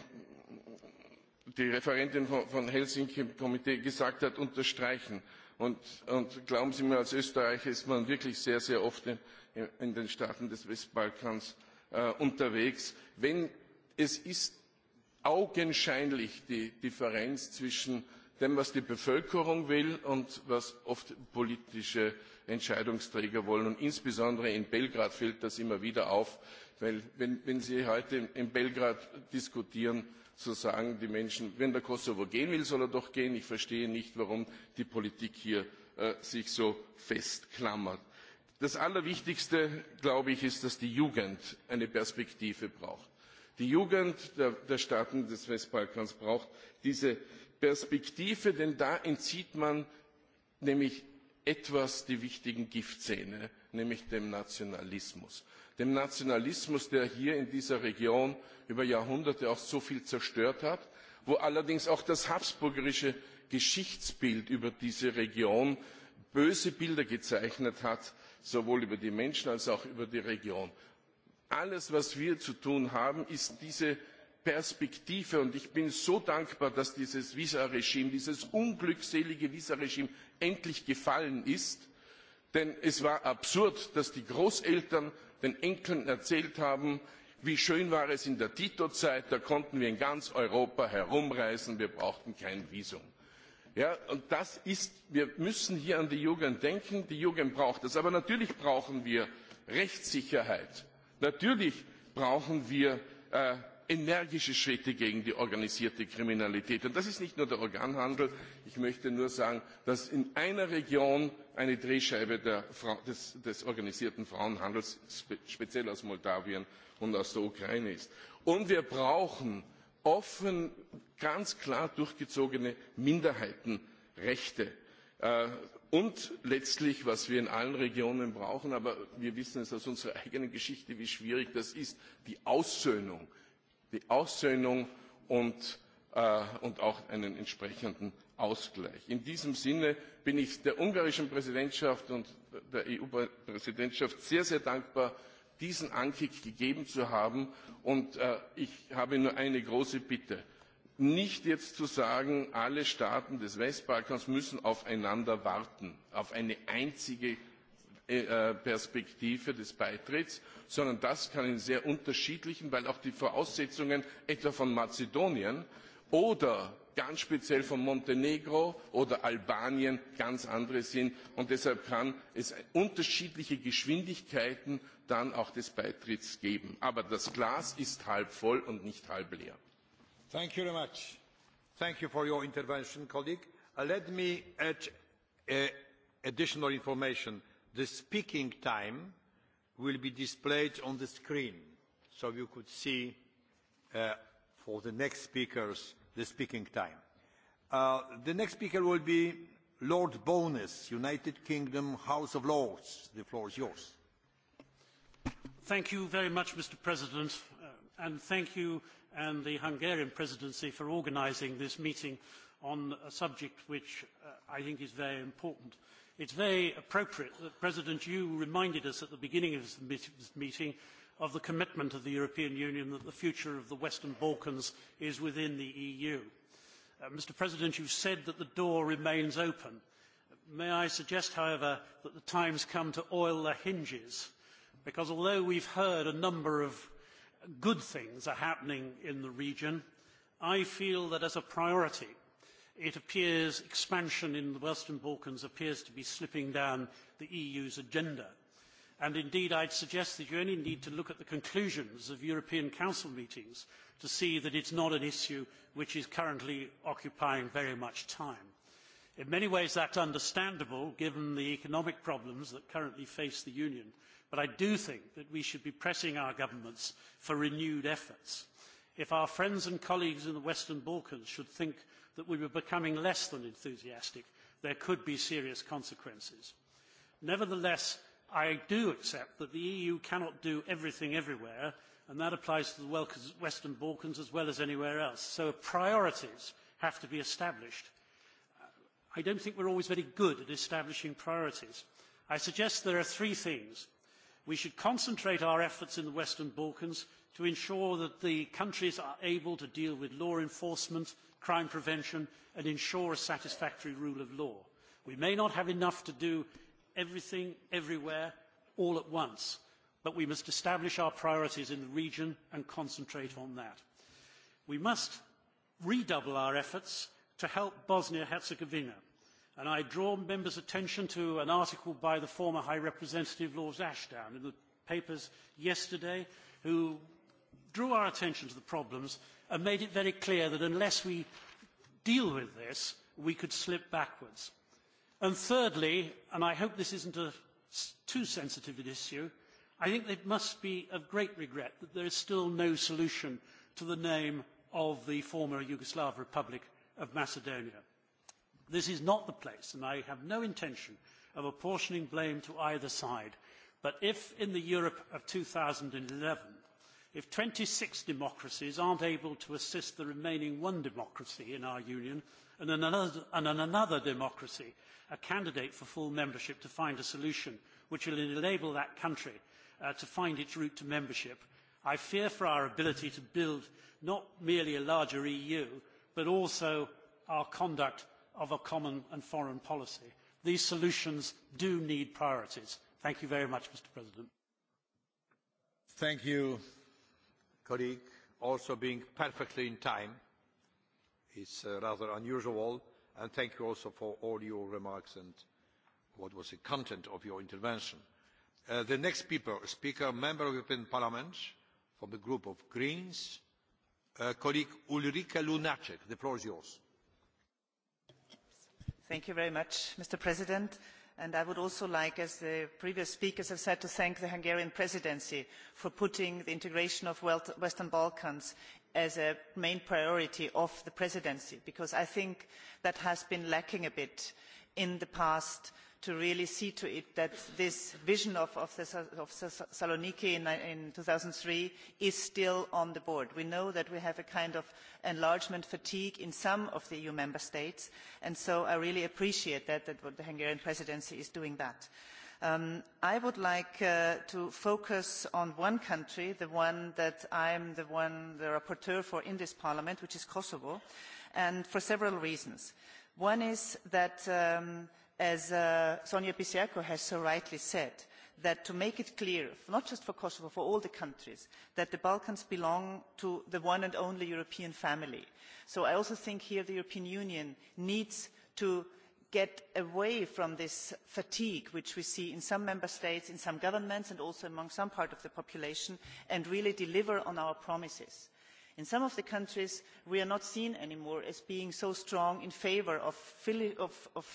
Speaker 5: die Referentin von, von Helsinki Komitee gesagt hat, unterstreichen. Und, und glauben Sie mir, als Österreicher ist man wirklich sehr, sehr oft in, in den Staaten des Westbalkans äh, unterwegs. Wenn es ist augenscheinlich die Differenz zwischen dem, was die Bevölkerung will und was oft politische Entscheidungsträger wollen. Und insbesondere in Belgrad fällt das immer wieder auf, weil wenn, wenn Sie heute in Belgrad diskutieren, so sagen die Menschen, wenn der Kosovo gehen will, soll er doch gehen. Ich verstehe nicht, warum die Politik hier äh, sich so festklammert. Das Allerwichtigste, glaube ich, ist, dass die Jugend eine Perspektive braucht. Die Jugend der, der Staaten des Westbalkans braucht diese Perspektive, denn da entzieht man nämlich etwas die wichtigen Giftzähne, nämlich dem Nationalismus. Dem Nationalismus, der hier in dieser Region über Jahrhunderte auch so viel zerstört hat, wo allerdings auch das habsburgerische Geschichtsbild über diese Region böse Bilder gezeichnet hat, sowohl über die Menschen als auch über die Region. Alles, was wir zu tun haben, ist diese Perspektive. Und ich bin so dankbar, dass dieses Visa-Regime, dieses unglückselige Visa-Regime endlich gefallen ist. Denn es war absurd, dass die Großeltern den Enkeln erzählt haben, wie schön war es in der Tito-Zeit, da konnten wir in ganz Europa herumreisen, wir brauchten kein Visum. Ja, und das ist, wir müssen hier an die Jugend denken, die Jugend braucht das. Aber natürlich brauchen wir Rechtssicherheit. Natürlich brauchen wir äh, energische Schritte gegen die organisierte Kriminalität. Und das ist nicht nur der Organhandel. Ich möchte nur sagen, dass in einer Region eine Drehscheibe der, des, des organisierten Frauenhandels, spe, speziell aus Moldawien und aus der Ukraine ist. Und wir brauchen offen, ganz klar durchgezogene Minderheitenrechte. Äh, und letztlich, was wir in allen Regionen brauchen, aber wir wissen es aus unserer eigenen Geschichte, wie schwierig das ist, die Aussöhnung die Aussöhnung und, äh, und auch einen entsprechenden Ausgleich. In diesem Sinne bin ich der ungarischen Präsidentschaft und der EU-Präsidentschaft sehr, sehr dankbar, diesen Ankick gegeben zu haben. Und äh, ich habe nur eine große Bitte. Nicht jetzt zu sagen, alle Staaten des Westbalkans müssen aufeinander warten, auf eine einzige Äh, Perspektive des Beitritts, sondern das kann in sehr unterschiedlichen, weil auch die Voraussetzungen etwa von Mazedonien oder ganz speziell von Montenegro oder Albanien ganz andere sind. Und deshalb kann es unterschiedliche Geschwindigkeiten dann auch des Beitritts geben. Aber das Glas ist halb voll und nicht halb leer.
Speaker 1: Thank you very much. Thank you for your intervention, colleague. Uh, let me add uh, additional information the speaking time will be displayed on the screen so you could see uh, for the next speakers the speaking time. Uh, the next speaker will be Lord Bonus, United Kingdom House of Lords. The floor is yours.
Speaker 6: Thank you very much, Mr. President, uh, and thank you and the Hungarian presidency for organising this meeting on a subject which uh, I think is very important. It is very appropriate that, President, you reminded us at the beginning of this meeting of the commitment of the European Union that the future of the Western Balkans is within the EU. Uh, Mr. President, you said that the door remains open. May I suggest, however, that the time's come to oil the hinges, because although we've heard a number of good things are happening in the region, I feel that as a priority, it appears expansion in the Western Balkans appears to be slipping down the EU's agenda. And indeed, I'd suggest that you only need to look at the conclusions of European Council meetings to see that it's not an issue which is currently occupying very much time. In many ways, that's understandable given the economic problems that currently face the Union, but I do think that we should be pressing our governments for renewed efforts. If our friends and colleagues in the Western Balkans should think that we were becoming less than enthusiastic, there could be serious consequences. Nevertheless, I do accept that the EU cannot do everything everywhere, and that applies to the Western Balkans as well as anywhere else. So priorities have to be established. Uh, I don't think we're always very good at establishing priorities. I suggest there are three things. We should concentrate our efforts in the Western Balkans to ensure that the countries are able to deal with law enforcement, crime prevention and ensure a satisfactory rule of law. We may not have enough to do everything, everywhere, all at once, but we must establish our priorities in the region and concentrate on that. We must redouble our efforts to help Bosnia-Herzegovina, and I draw members' attention to an article by the former High Representative Lord Ashdown in the papers yesterday, who drew our attention to the problems and made it very clear that unless we deal with this, we could slip backwards. And thirdly, and I hope this isn't a too sensitive an issue, I think it must be of great regret that there is still no solution to the name of the former Yugoslav Republic of Macedonia. This is not the place, and I have no intention of apportioning blame to either side, but if in the Europe of 2011 If 26 democracies aren't able to assist the remaining one democracy in our union and another, and another democracy, a candidate for full membership to find a solution which will enable that country uh, to find its route to membership, I fear for our ability to build not merely a larger EU, but also our conduct of a common and foreign policy. These solutions do need priorities. Thank you very much, Mr. President.
Speaker 1: Thank you colleague also being perfectly in time. is uh, rather unusual. And thank you also for all your remarks and what was the content of your intervention. Uh, the next speaker, speaker, member of the European Parliament from the group of Greens, uh, colleague Ulrike Lunacek. The floor is yours.
Speaker 7: Thank you very much, Mr. President. And I would also like, as the previous speakers have said, to thank the Hungarian presidency for putting the integration of Western Balkans as a main priority of the presidency, because I think that has been lacking a bit in the past uh, to really see to it that this vision of, of, the, of Saloniki in, in 2003 is still on the board. We know that we have a kind of enlargement fatigue in some of the EU member states, and so I really appreciate that, that what the Hungarian presidency is doing that. Um, I would like uh, to focus on one country, the one that I'm the one, the rapporteur for in this parliament, which is Kosovo, and for several reasons. One is that um, as uh, Sonia Pisiako has so rightly said, that to make it clear, not just for Kosovo, for all the countries, that the Balkans belong to the one and only European family. So I also think here the European Union needs to get away from this fatigue which we see in some member states, in some governments and also among some part of the population and really deliver on our promises in some of the countries we are not seen anymore as being so strong in favour of,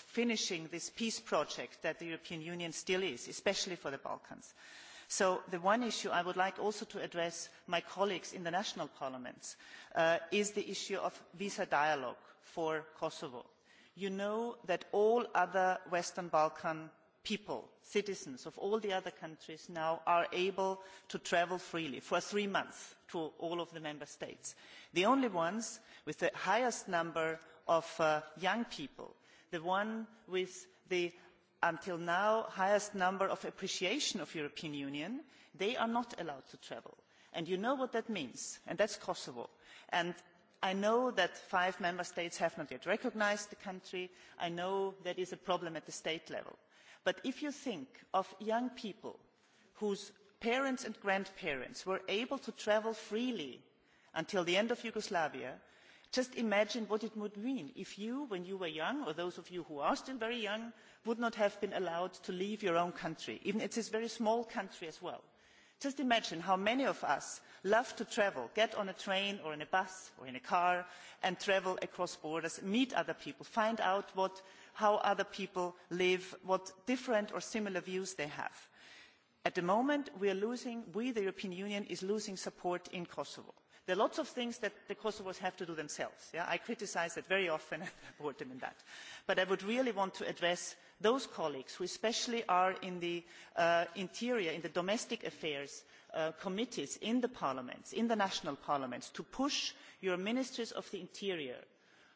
Speaker 7: finishing this peace project that the european union still is especially for the balkans. so the one issue i would like also to address my colleagues in the national parliaments uh, is the issue of visa dialogue for kosovo. you know that all other western balkan people, citizens of all the other countries now are able to travel freely for three months to all of the member states. The only ones with the highest number of uh, young people, the one with the until now highest number of appreciation of European Union, they are not allowed to travel. And you know what that means, and that's Kosovo. And I know that five member states have not yet recognised the country. I know that is a problem at the state level But if you think of young people whose parents and grandparents were able to travel freely until the end of Yugoslavia, just imagine what it would mean if you, when you were young, or those of you who are still very young, would not have been allowed to leave your own country, even if it is a very small country as well. Just imagine how many of us love to travel, get on a train or in a bus or in a car and travel across borders, meet other people, find out what how other people live, what different or similar views they have. At the moment, we are losing, we, the European Union, is losing support in Kosovo. There are lots of things that the Kosovars have to do themselves. Yeah? I criticize that very often and support them in that. But I would really want to address those colleagues who especially are in the uh, interior, in the domestic affairs uh, committees in the parliaments, in the national parliaments, to push your ministers of the interior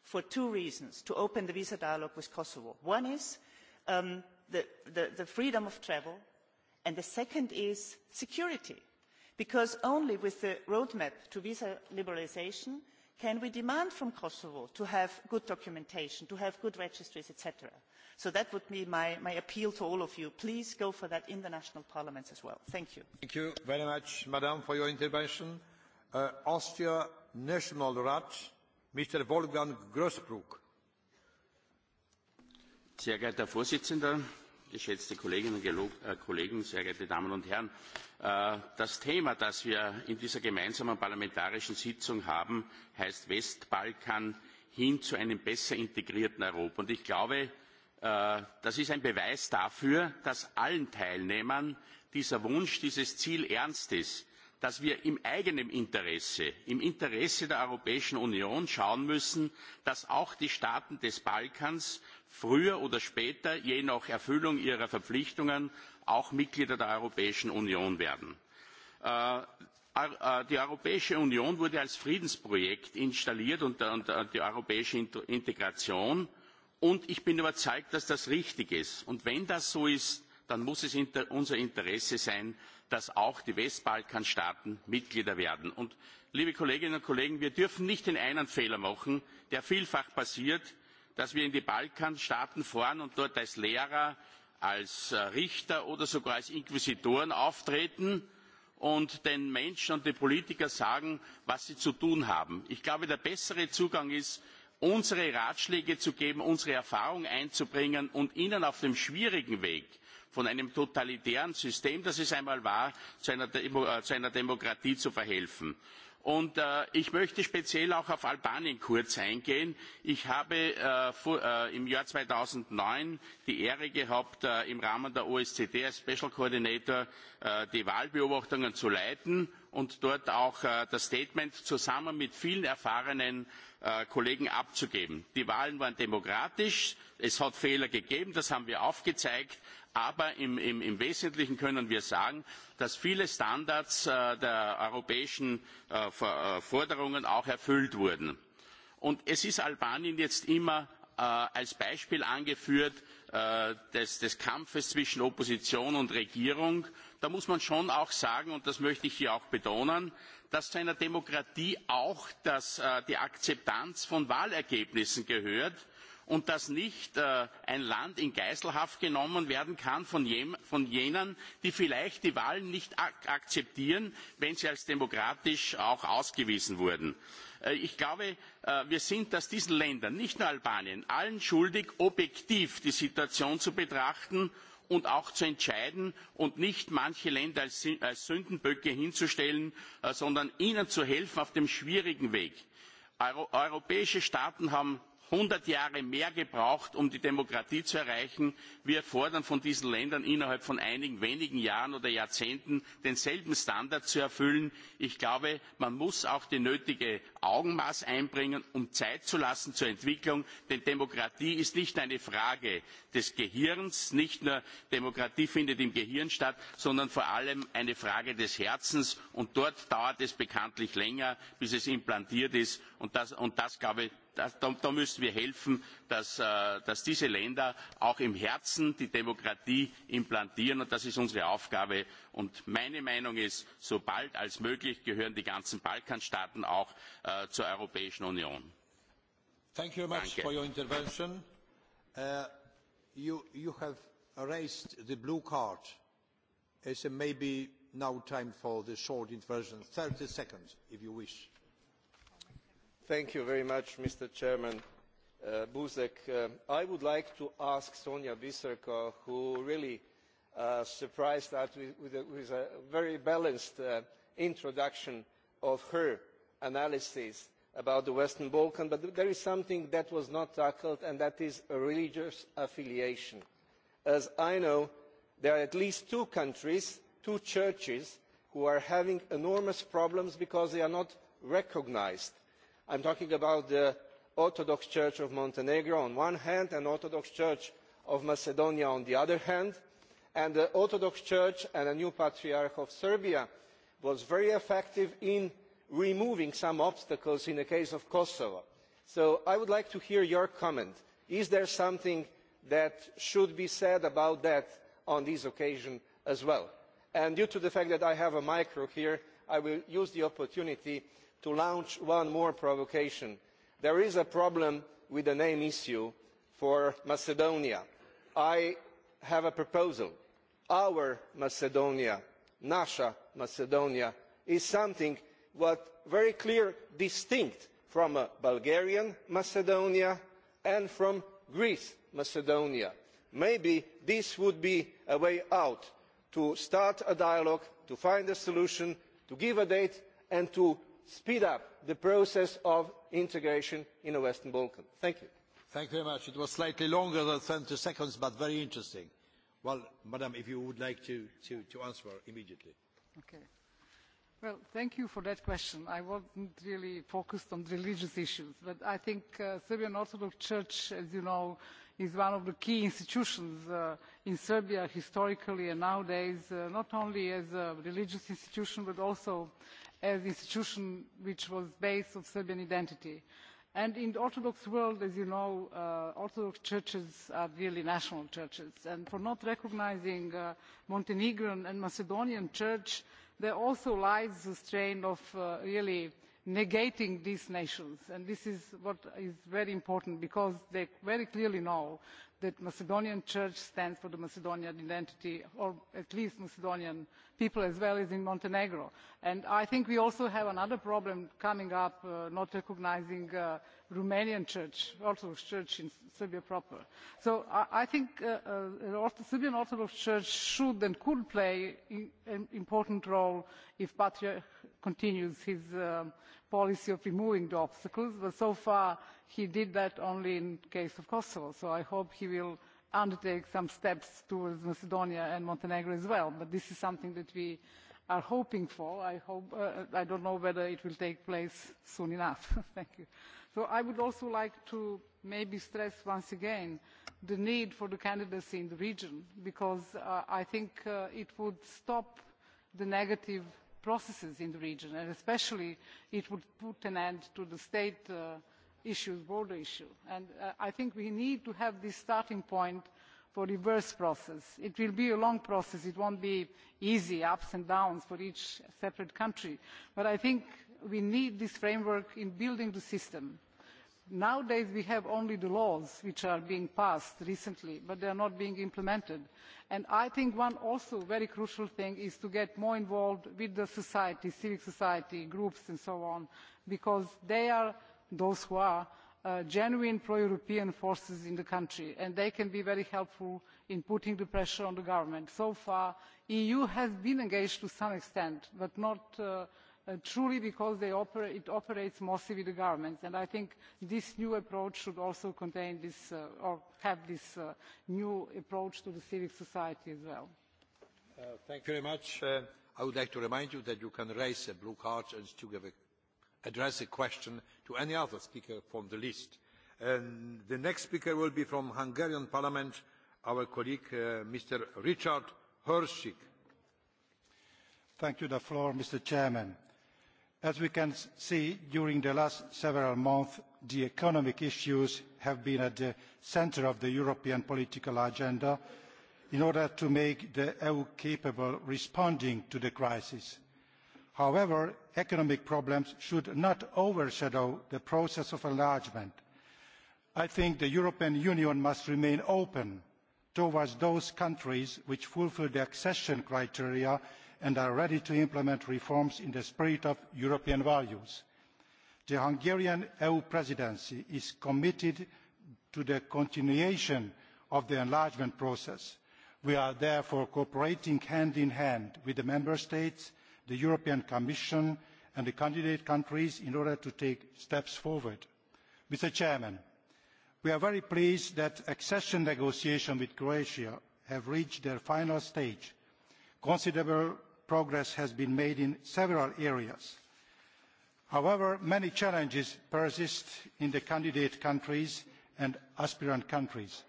Speaker 7: for two reasons to open the visa dialogue with Kosovo. One is um, the, the, the freedom of travel, and the second is security, because only with the roadmap to visa liberalisation can we demand from Kosovo to have good documentation, to have good registries, etc. So that would be my, my appeal to all of you. Please go for that in the national parliaments as well. Thank you.
Speaker 1: Thank you very much, Madam, for your intervention. Uh, Austria National Rat, Mr. Wolfgang Grossbrook.
Speaker 8: Sehr geehrter Herr Vorsitzender, geschätzte Kolleginnen und äh, Kollegen, sehr geehrte Damen und Herren, äh, das Thema, das wir in dieser gemeinsamen parlamentarischen Sitzung haben, heißt Westbalkan hin zu einem besser integrierten Europa. Und ich glaube, äh, das ist ein Beweis dafür, dass allen Teilnehmern dieser Wunsch, dieses Ziel ernst ist dass wir im eigenen Interesse, im Interesse der Europäischen Union schauen müssen, dass auch die Staaten des Balkans früher oder später, je nach Erfüllung ihrer Verpflichtungen, auch Mitglieder der Europäischen Union werden. Äh, äh, die Europäische Union wurde als Friedensprojekt installiert und die europäische Integration. Und ich bin überzeugt, dass das richtig ist. Und wenn das so ist, dann muss es unser Interesse sein, dass auch die Westbalkanstaaten Mitglieder werden. Und, liebe Kolleginnen und Kollegen, wir dürfen nicht den einen Fehler machen, der vielfach passiert, dass wir in die Balkanstaaten fahren und dort als Lehrer, als äh, Richter oder sogar als Inquisitoren auftreten und den Menschen und den Politikern sagen, was sie zu tun haben. Ich glaube, der bessere Zugang ist, unsere Ratschläge zu geben, unsere Erfahrung einzubringen und ihnen auf dem schwierigen Weg von einem totalitären System, das es einmal war, zu einer, Demo zu äh, einer Demokratie zu verhelfen. Und äh, ich möchte speziell auch auf Albanien kurz eingehen. Ich habe äh, äh, im Jahr 2009 die Ehre gehabt, äh, im Rahmen der OSZE als Special Coordinator äh, die Wahlbeobachtungen zu leiten und dort auch äh, das Statement zusammen mit vielen erfahrenen Äh, Kollegen abzugeben. Die Wahlen waren demokratisch, es hat Fehler gegeben, das haben wir aufgezeigt, aber im, im, im Wesentlichen können wir sagen, dass viele Standards äh, der europäischen äh, äh Forderungen auch erfüllt wurden. Und es ist Albanien jetzt immer äh, als Beispiel angeführt äh, des, des Kampfes zwischen Opposition und Regierung da muss man schon auch sagen, und das möchte ich hier auch betonen, dass zu einer Demokratie auch äh, die Akzeptanz von Wahlergebnissen gehört und dass nicht äh, ein Land in Geiselhaft genommen werden kann von, jem, von jenen, die vielleicht die Wahlen nicht ak akzeptieren, wenn sie als demokratisch auch ausgewiesen wurden. Äh, ich glaube, äh, wir sind das diesen Ländern, nicht nur Albanien, allen schuldig, objektiv die Situation zu betrachten und auch zu entscheiden und nicht manche Länder als, Sündenböcke hinzustellen, äh, sondern ihnen zu helfen auf dem schwierigen Weg. Euro europäische Staaten haben 100 Jahre mehr gebraucht, um die Demokratie zu erreichen. Wir fordern von diesen Ländern innerhalb von einigen wenigen Jahren oder Jahrzehnten denselben Standard zu erfüllen. Ich glaube, man muss auch die nötige Augenmaß einbringen, um Zeit zu lassen zur Entwicklung. Denn Demokratie ist nicht eine Frage des Gehirns, nicht nur Demokratie findet im Gehirn statt, sondern vor allem eine Frage des Herzens. Und dort dauert es bekanntlich länger, bis es implantiert ist. Und das, und das glaube ich, das, da, da müssen wir helfen, dass, äh, dass diese Länder auch im Herzen die Demokratie implantieren. Und das ist unsere Aufgabe. Und meine Meinung ist, so bald als möglich gehören die ganzen Balkanstaaten auch äh, zur Europäischen Union.
Speaker 1: Thank you very much Danke. for your intervention. Uh, you, you have raised the blue card. It's uh, maybe now time for the short intervention. 30 seconds, if you wish. Thank you very much, Mr.
Speaker 9: Chairman. Uh, Buzek, uh, I would like to ask Sonia Biserko, who really Uh, surprised that with, with, a, with a very balanced uh, introduction of her analysis about the Western Balkans, but there is something that was not tackled, and that is religious affiliation. As I know, there are at least two countries, two churches, who are having enormous problems because they are not recognised. I am talking about the Orthodox Church of Montenegro on one hand and the Orthodox Church of Macedonia on the other hand, and the Orthodox Church and the new Patriarch of Serbia was very effective in removing some obstacles in the case of Kosovo. So I would like to hear your comment. Is there something that should be said about that on this occasion as well? And due to the fact that I have a micro here, I will use the opportunity to launch one more provocation. There is a problem with the name issue for Macedonia. I have a proposal our macedonia NASA macedonia is something very clearly distinct from uh, bulgarian macedonia and from greece macedonia. maybe this would be a way out to start a dialogue to find a solution to give a date and to speed up the process of integration in the western
Speaker 1: balkans. thank you. thank you very much. it was slightly longer than twenty seconds but very interesting. Well, Madam, if you would like to, to, to answer immediately.
Speaker 4: Okay. Well, thank you for that question. I wasn't really focused on religious issues, but I think uh, Serbian Orthodox Church, as you know, is one of the key institutions uh, in Serbia historically and nowadays, uh, not only as a religious institution, but also as an institution which was based on Serbian identity. Uh, And in the Orthodox world, as you know, uh, Orthodox churches are really national churches. And for not recognizing uh, Montenegrin and Macedonian church, there also lies the strain of uh, really negating these nations. And this is what is very important because they very clearly know the Macedonian Church stands for the Macedonian identity, or at least Macedonian people as well as in Montenegro. And I think we also have another problem coming up, uh, not recognizing uh, Romanian church, Orthodox church in Serbia proper. So I, I think uh, uh, the Serbian Orthodox church should and could play an important role if Patriarch continues his uh, policy of removing the obstacles, but so far he did that only in the case of Kosovo, so I hope he will undertake some steps towards Macedonia and Montenegro as well, but this is something that we are hoping for. I, hope, uh, I don't know whether it will take place soon enough. Thank you. So I would also like to maybe stress once again the need for the candidacy in the region, because uh, I think uh, it would stop the negative processes in the region, and especially it would put an end to the state uh, issues, border issue. And uh, I think we need to have this starting point for reverse process. It will be a long process. It won't be easy, ups and downs for each separate country. But I think we need this framework in building the system. Nowadays we have only the laws which are being passed recently, but they are not being implemented. And I think one also very crucial thing is to get more involved with the society, civic society, groups and so on, because they are those who are uh, genuine pro-European forces in the country, and they can be very helpful in putting the pressure on the government. So far, the EU has been engaged to some extent, but not uh, uh, truly because they oper it operates mostly with the governments. And I think this new approach should also contain this, uh, or have this uh, new approach to the civic society as well.
Speaker 1: Uh, thank you very much. Uh, I would like to remind you that you can raise a blue card and still give a address a question to any other speaker from the list. And the next speaker will be from Hungarian Parliament, our colleague uh, Mr. Richard Horsik.
Speaker 10: Thank you the floor, Mr. Chairman. As we can see, during the last several months, the economic issues have been at the centre of the European political agenda in order to make the EU capable of responding to the crisis However, economic problems should not overshadow the process of enlargement. I think the European Union must remain open towards those countries which fulfil the accession criteria and are ready to implement reforms in the spirit of European values. The Hungarian EU presidency is committed to the continuation of the enlargement process. We are therefore cooperating hand in hand with the member states the European Commission and the candidate countries in order to take steps forward. Mr. Chairman, we are very pleased that accession negotiations with Croatia have reached their final stage. Considerable progress has been made in several areas. However, many challenges persist in the candidate countries and aspirant countries.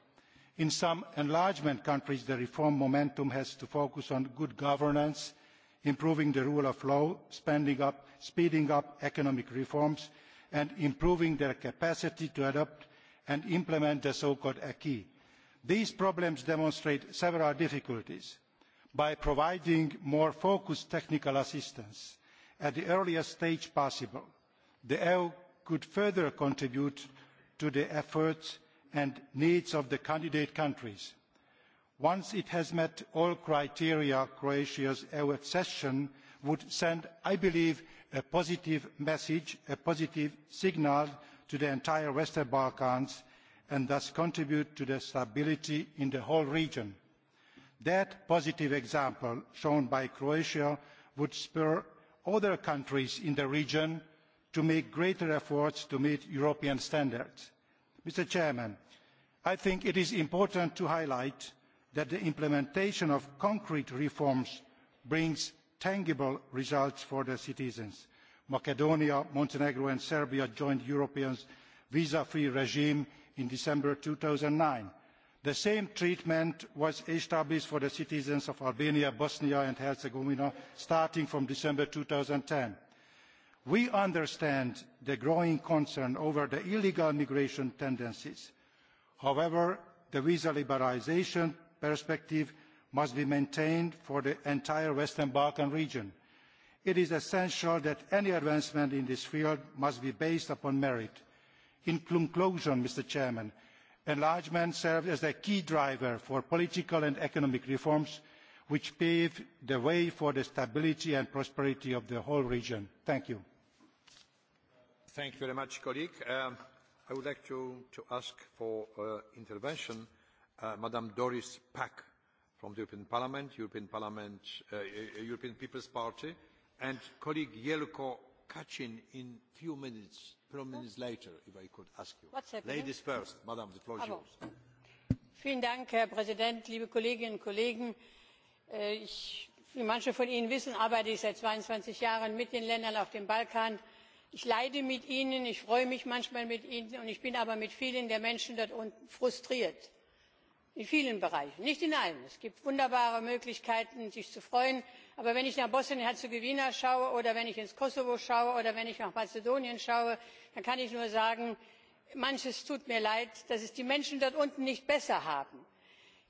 Speaker 10: In some enlargement countries, the reform momentum has to focus on good governance improving the rule of law, up, speeding up economic reforms, and improving their capacity to adopt and implement the so-called acquis. These problems demonstrate several difficulties. By providing more focused technical assistance at the earliest stage possible, the EU could further contribute to the efforts and needs of the candidate countries Once it has met all criteria, Croatia's EU accession would send, I believe, a positive message, a positive signal to the entire Western Balkans and thus contribute to the stability in the whole region. That positive example shown by Croatia would spur other countries in the region to make greater efforts to meet European standards. Mr. Chairman, I think it is important to highlight that the implementation of concrete reforms brings tangible results for their citizens. Macedonia, Montenegro and Serbia joined Europeans visa-free regime in December two thousand nine. The same treatment was established for the citizens of Albania, Bosnia and Herzegovina starting from December ten. We understand the growing concern over the illegal migration tendencies. However, the visa liberalisation perspective must be maintained for the entire Western Balkan region. It is essential that any advancement in this field must be based upon merit. In conclusion, Mr. Chairman, enlargement serves as a key driver for political and economic reforms which pave the way for the stability and prosperity of the whole region. Thank you.
Speaker 1: Thank you very much, colleague. Um, I would like to, to ask for uh, intervention Uh, Madam Doris Pack from the European Parliament, European, Parliament uh, uh European People's Party, and colleague Yelko Kacin in a few minutes, few minutes later, if I could ask you.
Speaker 11: What's happening? Ladies
Speaker 1: first, Madam, the floor is yours.
Speaker 11: Vielen Dank, Herr Präsident, liebe Kolleginnen und Kollegen. Äh, ich, wie manche von Ihnen wissen, arbeite ich seit 22 Jahren mit den Ländern auf dem Balkan. Ich leide mit Ihnen, ich freue mich manchmal mit Ihnen und ich bin aber mit vielen der Menschen dort unten frustriert in vielen Bereichen, nicht in allen. Es gibt wunderbare Möglichkeiten, sich zu freuen. Aber wenn ich nach Bosnien-Herzegowina schaue oder wenn ich ins Kosovo schaue oder wenn ich nach Mazedonien schaue, dann kann ich nur sagen, manches tut mir leid, dass es die Menschen dort unten nicht besser haben.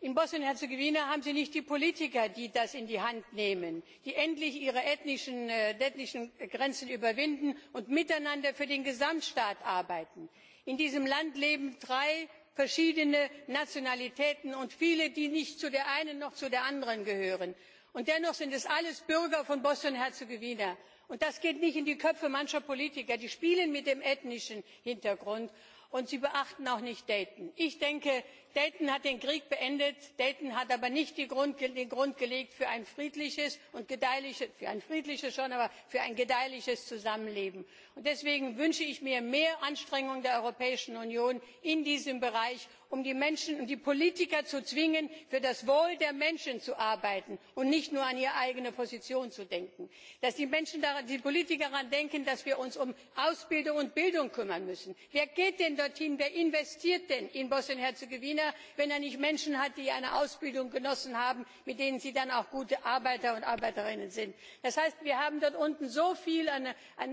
Speaker 11: In Bosnien-Herzegowina haben Sie nicht die Politiker, die das in die Hand nehmen, die endlich ihre ethnischen, äh, ethnischen Grenzen überwinden und miteinander für den Gesamtstaat arbeiten. In diesem Land leben drei verschiedene nationalitäten und viele die nicht zu der einen noch zu der anderen gehören. und dennoch sind es alles bürger von bosnien und herzegowina. und das geht nicht in die köpfe mancher politiker die spielen mit dem ethnischen hintergrund und sie beachten auch nicht dayton. ich denke dayton hat den krieg beendet dayton hat aber nicht den grund gelegt für ein friedliches und gedeihliches für ein friedliches schon aber für ein gedeihliches zusammenleben. Und deswegen wünsche ich mir mehr anstrengungen der europäischen union in diesem bereich um die menschen und die politiker zu zwingen für das wohl der menschen zu arbeiten und nicht nur an ihre eigene position zu denken dass die, menschen daran, die politiker daran denken dass wir uns um ausbildung und bildung kümmern müssen. wer geht denn dorthin wer investiert denn in bosnien und herzegowina? kinder wenn er nicht menschen hat die eine ausbildung genossen haben mit denen sie dann auch gute arbeiter und arbeiterinnen sind. das heißt wir haben dort unten so viel an,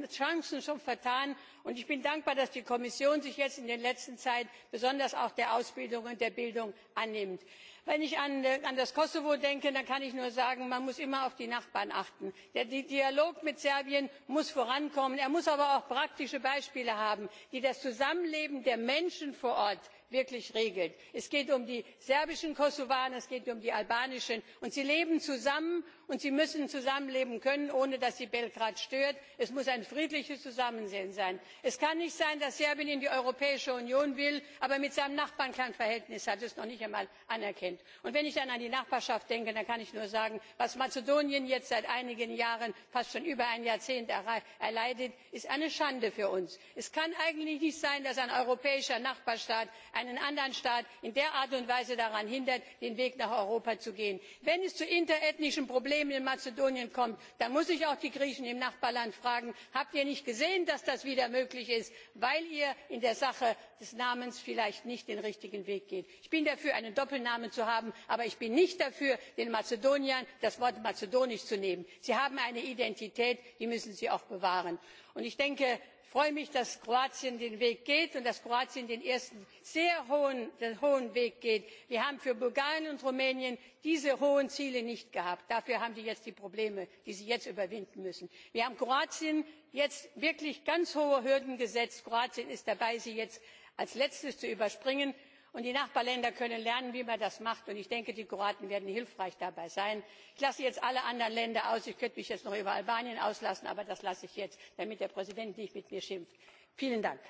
Speaker 11: chancen schon vertan und ich bin dankbar dass die kommission sich jetzt in der letzten zeit besonders auch der ausbildung und der bildung annimmt. wenn ich an das kosovo denke dann kann ich nur sagen man muss immer auf die nachbarn achten. der dialog mit serbien muss vorankommen er muss aber auch praktische beispiele haben die das zusammenleben der menschen vor ort wirklich regelt. es geht um die serbischen kosovaren es geht um die albanischen und sie leben zusammen und sie müssen zusammenleben können ohne dass sie belgrad stört. es muss ein friedliches zusammenleben sein. es kann nicht sein dass serbien in die europäische union will aber mit seinem nachbarn kein verhältnis hat es noch nicht einmal anerkennt. und wenn ich dann an die nachbarschaft denke dann kann ich nur sagen was mazedonien jetzt seit einigen jahren fast schon über ein jahrzehnt erleidet ist eine schande für uns. es kann eigentlich nicht sein dass ein europäischer nachbarstaat einen anderen staat in der art und weise daran hindert den weg nach europa zu gehen. wenn es zu interethnischen problem in mazedonien kommt dann muss ich auch die griechen im nachbarland fragen habt ihr nicht gesehen dass das wieder möglich ist weil ihr in der sache des namens vielleicht nicht den richtigen weg geht? ich bin dafür einen doppelnamen zu haben aber ich bin nicht dafür den mazedoniern das wort mazedonisch zu nehmen. sie haben eine identität die müssen sie auch bewahren. ich denke freue mich dass kroatien den weg geht und dass kroatien den ersten sehr hohen, den hohen weg geht. wir haben für bulgarien und rumänien diese hohen ziele nicht gehabt. dafür haben sie jetzt die probleme die sie jetzt überwinden müssen. wir haben kroatien jetzt wirklich ganz hohe hürden gesetzt kroatien ist dabei sie jetzt als letztes zu überspringen. Und die Nachbarländer können lernen, wie man das macht. Und ich denke, die Kroaten werden hilfreich dabei sein. Ich lasse jetzt alle anderen Länder aus. Ich könnte mich jetzt noch über Albanien auslassen, aber das lasse ich jetzt, damit der Präsident nicht mit mir schimpft. Vielen Dank.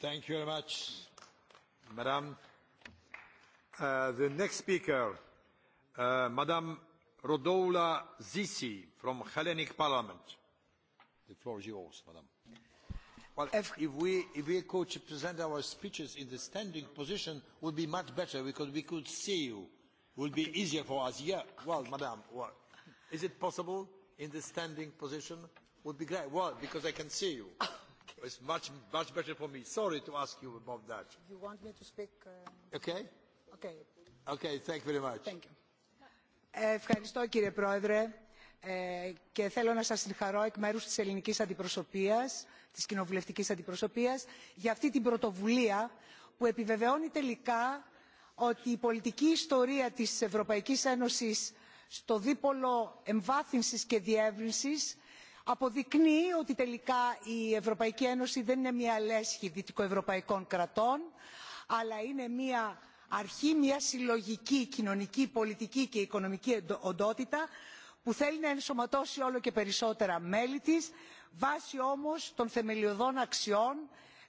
Speaker 1: Thank you very much, Madame. Uh, the next speaker, uh, Madame Rodola Zisi from Hellenic Parliament. The floor is yours, Madame. Well, if, if, we, if we could present our speeches in the standing position, would be much better because we could see you. Would be okay. easier for us. Yeah. Well, Madam, well, is it possible in the standing position? Would be great. Well, because I can see you. Okay. It's much, much better for me. Sorry to ask you about that.
Speaker 12: You want me to speak? Uh... Okay. Okay.
Speaker 1: Okay. Thank you very much. Thank you.
Speaker 12: Eh, ευχαριστώ κύριε Πρόεδρε και θέλω να σας συγχαρώ εκ μέρους της ελληνικής αντιπροσωπείας, της κοινοβουλευτικής αντιπροσωπείας, για αυτή την πρωτοβουλία που επιβεβαιώνει τελικά ότι η πολιτική ιστορία της Ευρωπαϊκής Ένωσης στο δίπολο εμβάθυνσης και διεύρυνσης αποδεικνύει ότι τελικά η Ευρωπαϊκή Ένωση δεν είναι μια λέσχη δυτικοευρωπαϊκών κρατών, αλλά είναι μια αρχή, μια συλλογική κοινωνική, πολιτική και οικονομική οντότητα που θέλει να ενσωματώσει όλο και περισσότερα μέλη της βάσει όμως των θεμελιωδών αξιών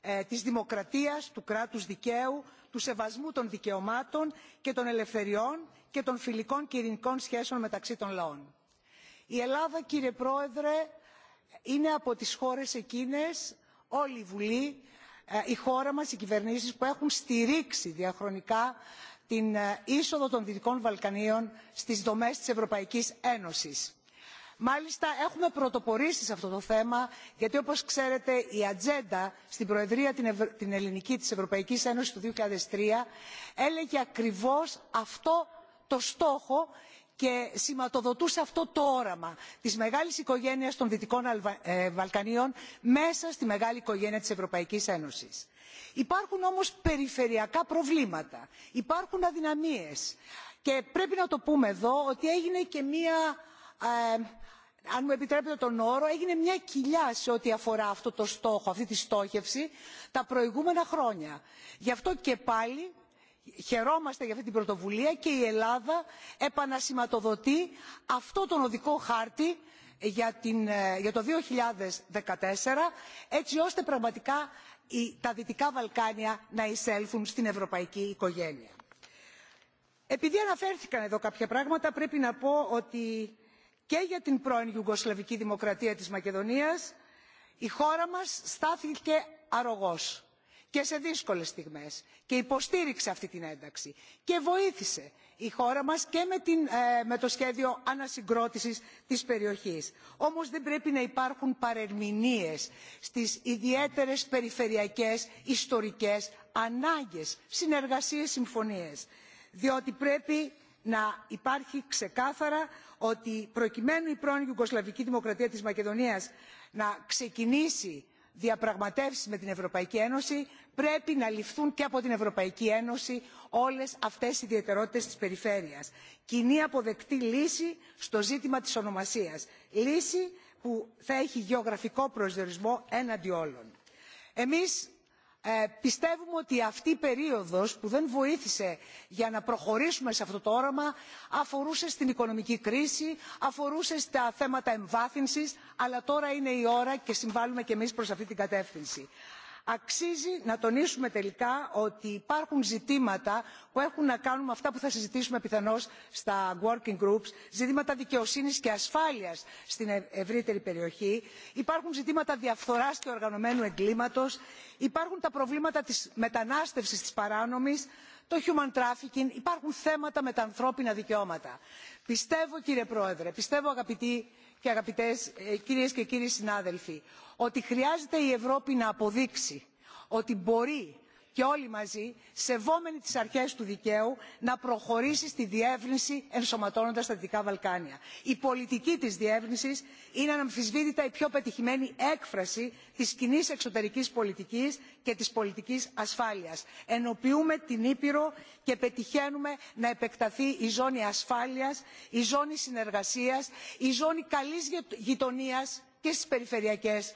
Speaker 12: ε, της δημοκρατίας, του κράτους δικαίου, του σεβασμού των δικαιωμάτων και των ελευθεριών και των φιλικών και ειρηνικών σχέσεων μεταξύ των λαών. Η Ελλάδα, κύριε Πρόεδρε, είναι από τις χώρες εκείνες, όλη η Βουλή, η χώρα μας, οι κυβερνήσεις που έχουν στηρίξει διαχρονικά την είσοδο των Δυτικών Βαλκανίων στις δομές της Ευρωπαϊκής Ένωσης. Μάλιστα έχουμε πρωτοπορήσει σε αυτό το θέμα γιατί όπως ξέρετε η ατζέντα στην Προεδρία την, Ευ... την Ελληνική της Ευρωπαϊκής Ένωσης του 2003 έλεγε ακριβώς αυτό το στόχο και σηματοδοτούσε αυτό το όραμα της μεγάλης οικογένειας των Δυτικών Βαλκανίων μέσα στη μεγάλη οικογένεια της Ευρωπαϊκής Ένωσης. Υπάρχουν όμως περιφερειακά προβλήματα, υπάρχουν αδυναμίες και πρέπει να το πούμε εδώ ότι έγινε και μία... Ε, αν μου επιτρέπετε τον όρο, έγινε μια κοιλιά σε ό,τι αφορά αυτό το στόχο, αυτή τη στόχευση, τα προηγούμενα χρόνια. Γι' αυτό και πάλι χαιρόμαστε για αυτή την πρωτοβουλία και η Ελλάδα επανασηματοδοτεί αυτό τον οδικό χάρτη για, την, για το 2014 έτσι ώστε πραγματικά τα Δυτικά Βαλκάνια να εισέλθουν στην ευρωπαϊκή οικογένεια. Επειδή αναφέρθηκαν εδώ κάποια πράγματα πρέπει να πω ότι και για την πρώην Ιουγκοσλαβική Δημοκρατία της Μακεδονίας η χώρα μας στάθηκε αρρωγός και σε δύσκολε στιγμέ και υποστήριξε αυτή την ένταξη και βοήθησε η χώρα μα και με, την, ε, με το σχέδιο ανασυγκρότηση τη περιοχή. Όμω δεν πρέπει να υπάρχουν παρερμηνίες στι ιδιαίτερε περιφερειακέ ιστορικέ ανάγκε, συνεργασίε, συμφωνίε, Διότι πρέπει να υπάρχει ξεκάθαρα ότι προκειμένου η πρώην Ιουγκοσλαβική Δημοκρατία της Μακεδονίας να ξεκινήσει διαπραγματεύσεις με την Ευρωπαϊκή Ένωση πρέπει να ληφθούν και από την Ευρωπαϊκή Ένωση όλες αυτές οι ιδιαιτερότητες της περιφέρειας. Κοινή αποδεκτή λύση στο ζήτημα της ονομασίας. Λύση που θα έχει γεωγραφικό προσδιορισμό έναντι όλων. Εμείς πιστεύουμε ότι αυτή η περίοδος που δεν βοήθησε για να προχωρήσουμε σε αυτό το όραμα αφορούσε στην οικονομική κρίση, αφορούσε στα θέματα εμβάθυνσης, αλλά τώρα είναι η ώρα και συμβάλλουμε και εμείς προς αυτή την κατεύθυνση αξίζει να τονίσουμε τελικά ότι υπάρχουν ζητήματα που έχουν να κάνουν με αυτά που θα συζητήσουμε πιθανώς στα working groups, ζητήματα δικαιοσύνης και ασφάλειας στην ευρύτερη περιοχή, υπάρχουν ζητήματα διαφθοράς και οργανωμένου εγκλήματος, υπάρχουν τα προβλήματα της μετανάστευσης της παράνομης, το human trafficking, υπάρχουν θέματα με τα ανθρώπινα δικαιώματα. Πιστεύω κύριε Πρόεδρε, πιστεύω αγαπητοί και αγαπητές κυρίες και κύριοι συνάδελφοι ότι χρειάζεται η Ευρώπη να αποδείξει ότι μπορεί και όλοι μαζί, σεβόμενοι τις αρχές του δικαίου, να προχωρήσει στη διεύρυνση ενσωματώνοντας τα Δυτικά Βαλκάνια. Η πολιτική της διεύρυνσης είναι αναμφισβήτητα η πιο πετυχημένη έκφραση της κοινή εξωτερικής πολιτικής και της πολιτικής ασφάλειας. Ενοποιούμε την Ήπειρο και πετυχαίνουμε να επεκταθεί η ζώνη ασφάλειας, η ζώνη συνεργασίας, η ζώνη καλής γειτονίας και στις περιφερειακές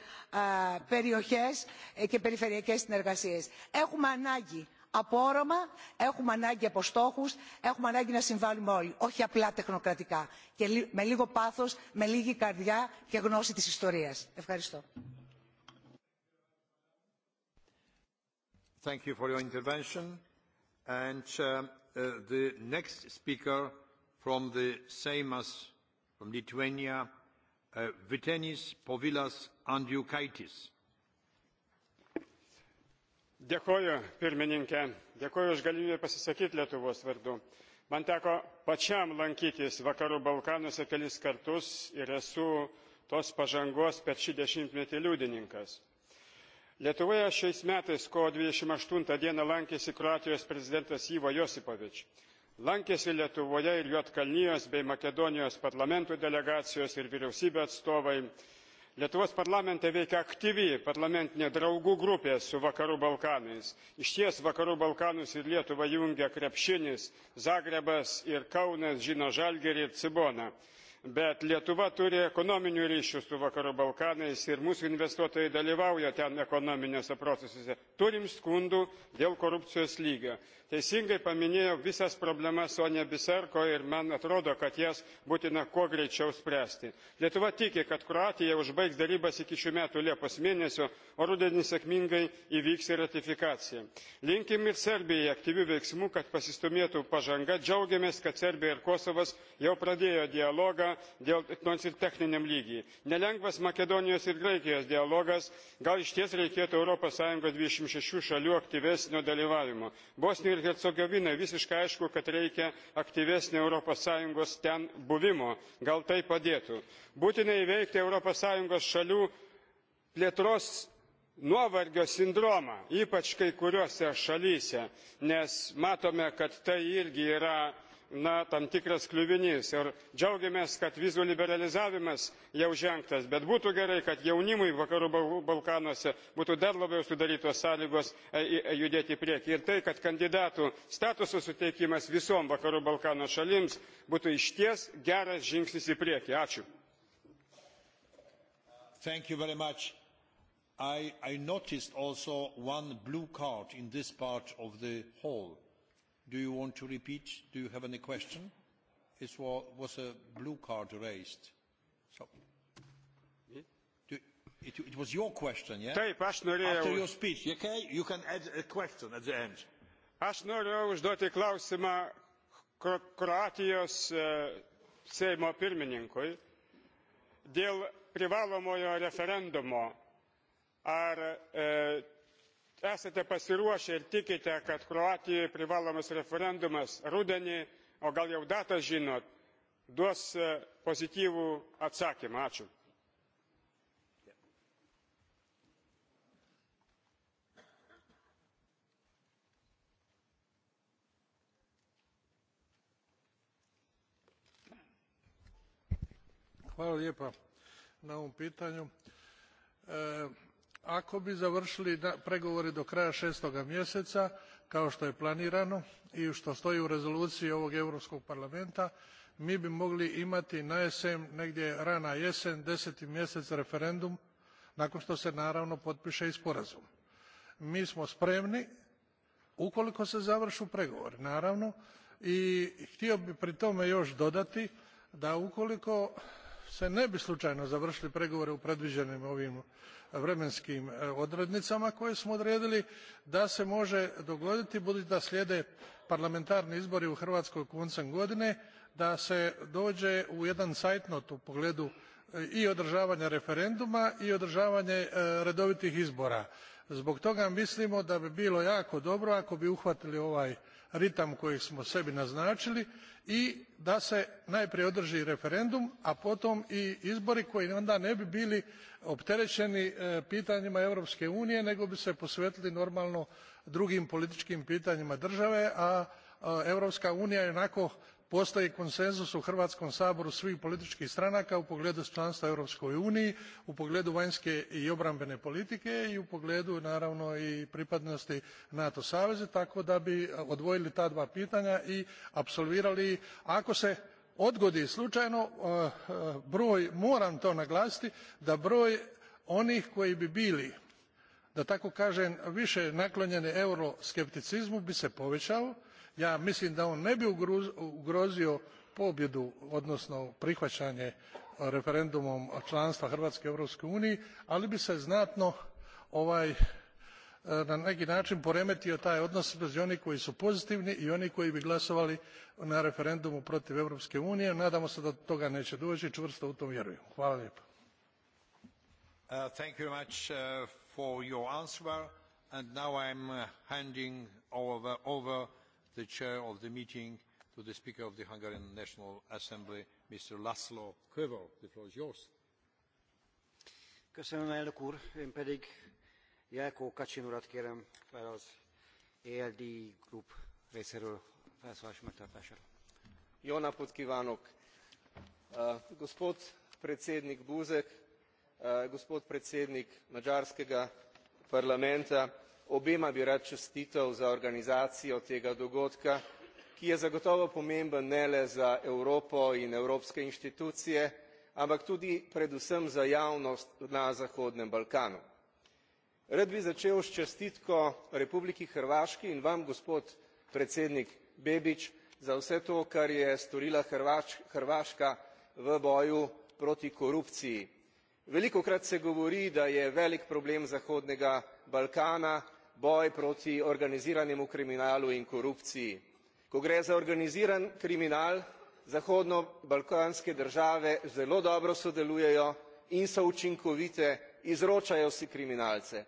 Speaker 12: περιοχές και περιφερειακές συνεργασίες. Έχουμε ανάγκη από όραμα, έχουμε ανάγκη από στόχου, έχουμε ανάγκη να συμβάλλουμε όλοι, όχι απλά τεχνοκρατικά. Και με λίγο πάθο, με λίγη καρδιά και γνώση τη ιστορία. Ευχαριστώ.
Speaker 1: Thank you for your intervention. And uh, uh, the next speaker from the same as from Lithuania, Uh, Vitenis Povilas Andriukaitis.
Speaker 13: Dėkoju, pirmininkė. Dėkoju už galimybę pasisakyti Lietuvos vardu. Man teko pačiam lankytis Vakarų Balkanuose kelis kartus ir esu tos pažangos per šį dešimtmetį liudininkas. Lietuvoje šiais metais kovo 28 dieną lankėsi Kroatijos prezidentas Ivo Josipovič lankėsi lietuvoje ir juodkalnijos bei makedonijos parlamentų delegacijos ir vyriausybių atstovai lietuvos parlamente veikia aktyvi parlamentinė draugų grupė su vakarų balkanais išties vakarų balkanus ir lietuvą jungia krepšinis zagrebas ir kaunas žino žalgirį ir Cibona bet Lietuva turi ekonominių ryšių su Vakarų Balkanais ir mūsų investuotojai dalyvauja ten ekonominėse procesuose. Turim skundų dėl korupcijos lygio. Teisingai paminėjau visas problemas, su ne biserko ir man atrodo, kad jas būtina kuo greičiau spręsti. Lietuva tiki, kad Kroatija užbaigs darybas iki šių metų Liepos mėnesio, o rudenį sėkmingai įvyks ir ratifikacija. Linkim ir Serbijai aktyvių veiksmų, kad pasistumėtų pažanga. Džiaugiamės, kad Serbija ir Kosovas jau pradėjo dialogą dėl nors ir techniniam nelengvas makedonijos ir graikijos dialogas gal iš ties reikėtų europos 26 šalių aktyvesnio dalyvavimo. Bosnių ir Hercegovina visiškai aišku kad reikia aktyvesnio europos sąjungos ten buvimo gal tai padėtų. Būtinai įveikti europos sąjungos šalių plėtros nuovargio sindromą ypač kai kuriose šalyse nes matome kad tai irgi yra na, tam tikras kliuvinys ir džiaugiamės, kad vizų liberalizavimas jau žengtas, bet būtų gerai, kad jaunimui vakarų Balkanuose būtų dar labiau sudarytos sąlygos e, e, judėti į priekį ir tai, kad kandidatų statuso suteikimas visom vakarų Balkano šalims būtų išties geras žingsnis į priekį. Ačiū.
Speaker 1: Thank you very much. I, I noticed also one blue card in this part of the hall. Do you want to repeat? Do you have any question? Hmm? It was a blue card raised. So, do, it, it was your question, yeah? طيب After your speech, okay? You can add a question at the end.
Speaker 13: Aš noriu užduoti klausimą Kroatijos e, Seimo pirmininkui dėl privalomojo referendumo. Ar e, esate pasiruošę ir tikite kad kroatijoje privalomas referendumas rudenį o gal jau datą žinot duos e, pozityvų atsakymą ačiū
Speaker 3: Hvala lijepa na ovom pitanju. E, Ako bi završili pregovori do kraja šestoga mjeseca, kao što je planirano i što stoji u rezoluciji ovog Europskog parlamenta, mi bi mogli imati najesen negdje rana jesen, deseti mjesec referendum, nakon što se naravno potpiše i sporazum. Mi smo spremni, ukoliko se završu pregovori, naravno, i htio bih pri tome još dodati da ukoliko se ne bi slučajno završili pregovore u predviđenim ovim vremenskim e, odrednicama koje smo odredili da se može dogoditi budući da slijede parlamentarni izbori u hrvatskoj koncem godine da se dođe u jedan zeitnot u pogledu e, i održavanja referenduma i održavanja e, redovitih izbora. zbog toga mislimo da bi bilo jako dobro ako bi uhvatili ovaj ritam koji smo sebi naznačili i da se najprije održi referendum a potom i izbori koji onda ne bi bili opterećeni e, pitanjima europske unije nego bi se posvetili normalno drugim političkim pitanjima države a europska unija onako Postoji konsenzus u Hrvatskom saboru svih političkih stranaka u pogledu članstva Europskoj uniji, u pogledu vanjske i obrambene politike i u pogledu naravno i pripadnosti NATO savezu, tako da bi odvojili ta dva pitanja i apsolvirali ako se odgodi slučajno eh, eh, broj, moram to naglasiti, da broj onih koji bi bili da tako kažem više naklonjeni euroskepticizmu bi se povećao ja mislim da on ne bi ugrozio pobjedu odnosno prihvaćanje referendumom članstva hrvatske u europskoj uniji ali bi se znatno ovaj e, na neki način poremetio taj odnos između onih koji su pozitivni i onih koji bi glasovali na referendumu protiv europske unije. nadamo se da do toga neće doći čvrsto u to vjerujem. hvala uh,
Speaker 1: thank you very much uh, for your answer and now i'm uh, handing over, over the chair of the meeting to the Speaker of the Hungarian National Assembly,
Speaker 2: Mr. Laszlo Kövel. The floor is yours. Köszönöm, elnök úr. Én pedig jelko Kacsin urat kérem fel az ELD Group részéről felszólás megtartására.
Speaker 9: Jó napot kívánok! Uh, gospod predsednik Buzek, uh, gospod predsednik Magyarskega parlamenta, Obema bi rad čestitev za organizacijo tega dogodka, ki je zagotovo pomemben ne le za Evropo in evropske inštitucije, ampak tudi predvsem za javnost na Zahodnem Balkanu. Rad bi začel s čestitko Republiki Hrvaški in vam, gospod predsednik Bebič, za vse to, kar je storila Hrvaška v boju proti korupciji. Velikokrat se govori, da je velik problem Zahodnega Balkana boj proti organiziranemu kriminalu in korupciji. Ko gre za organiziran kriminal, zahodno-balkanske države zelo dobro sodelujejo in so učinkovite, izročajo si kriminalce.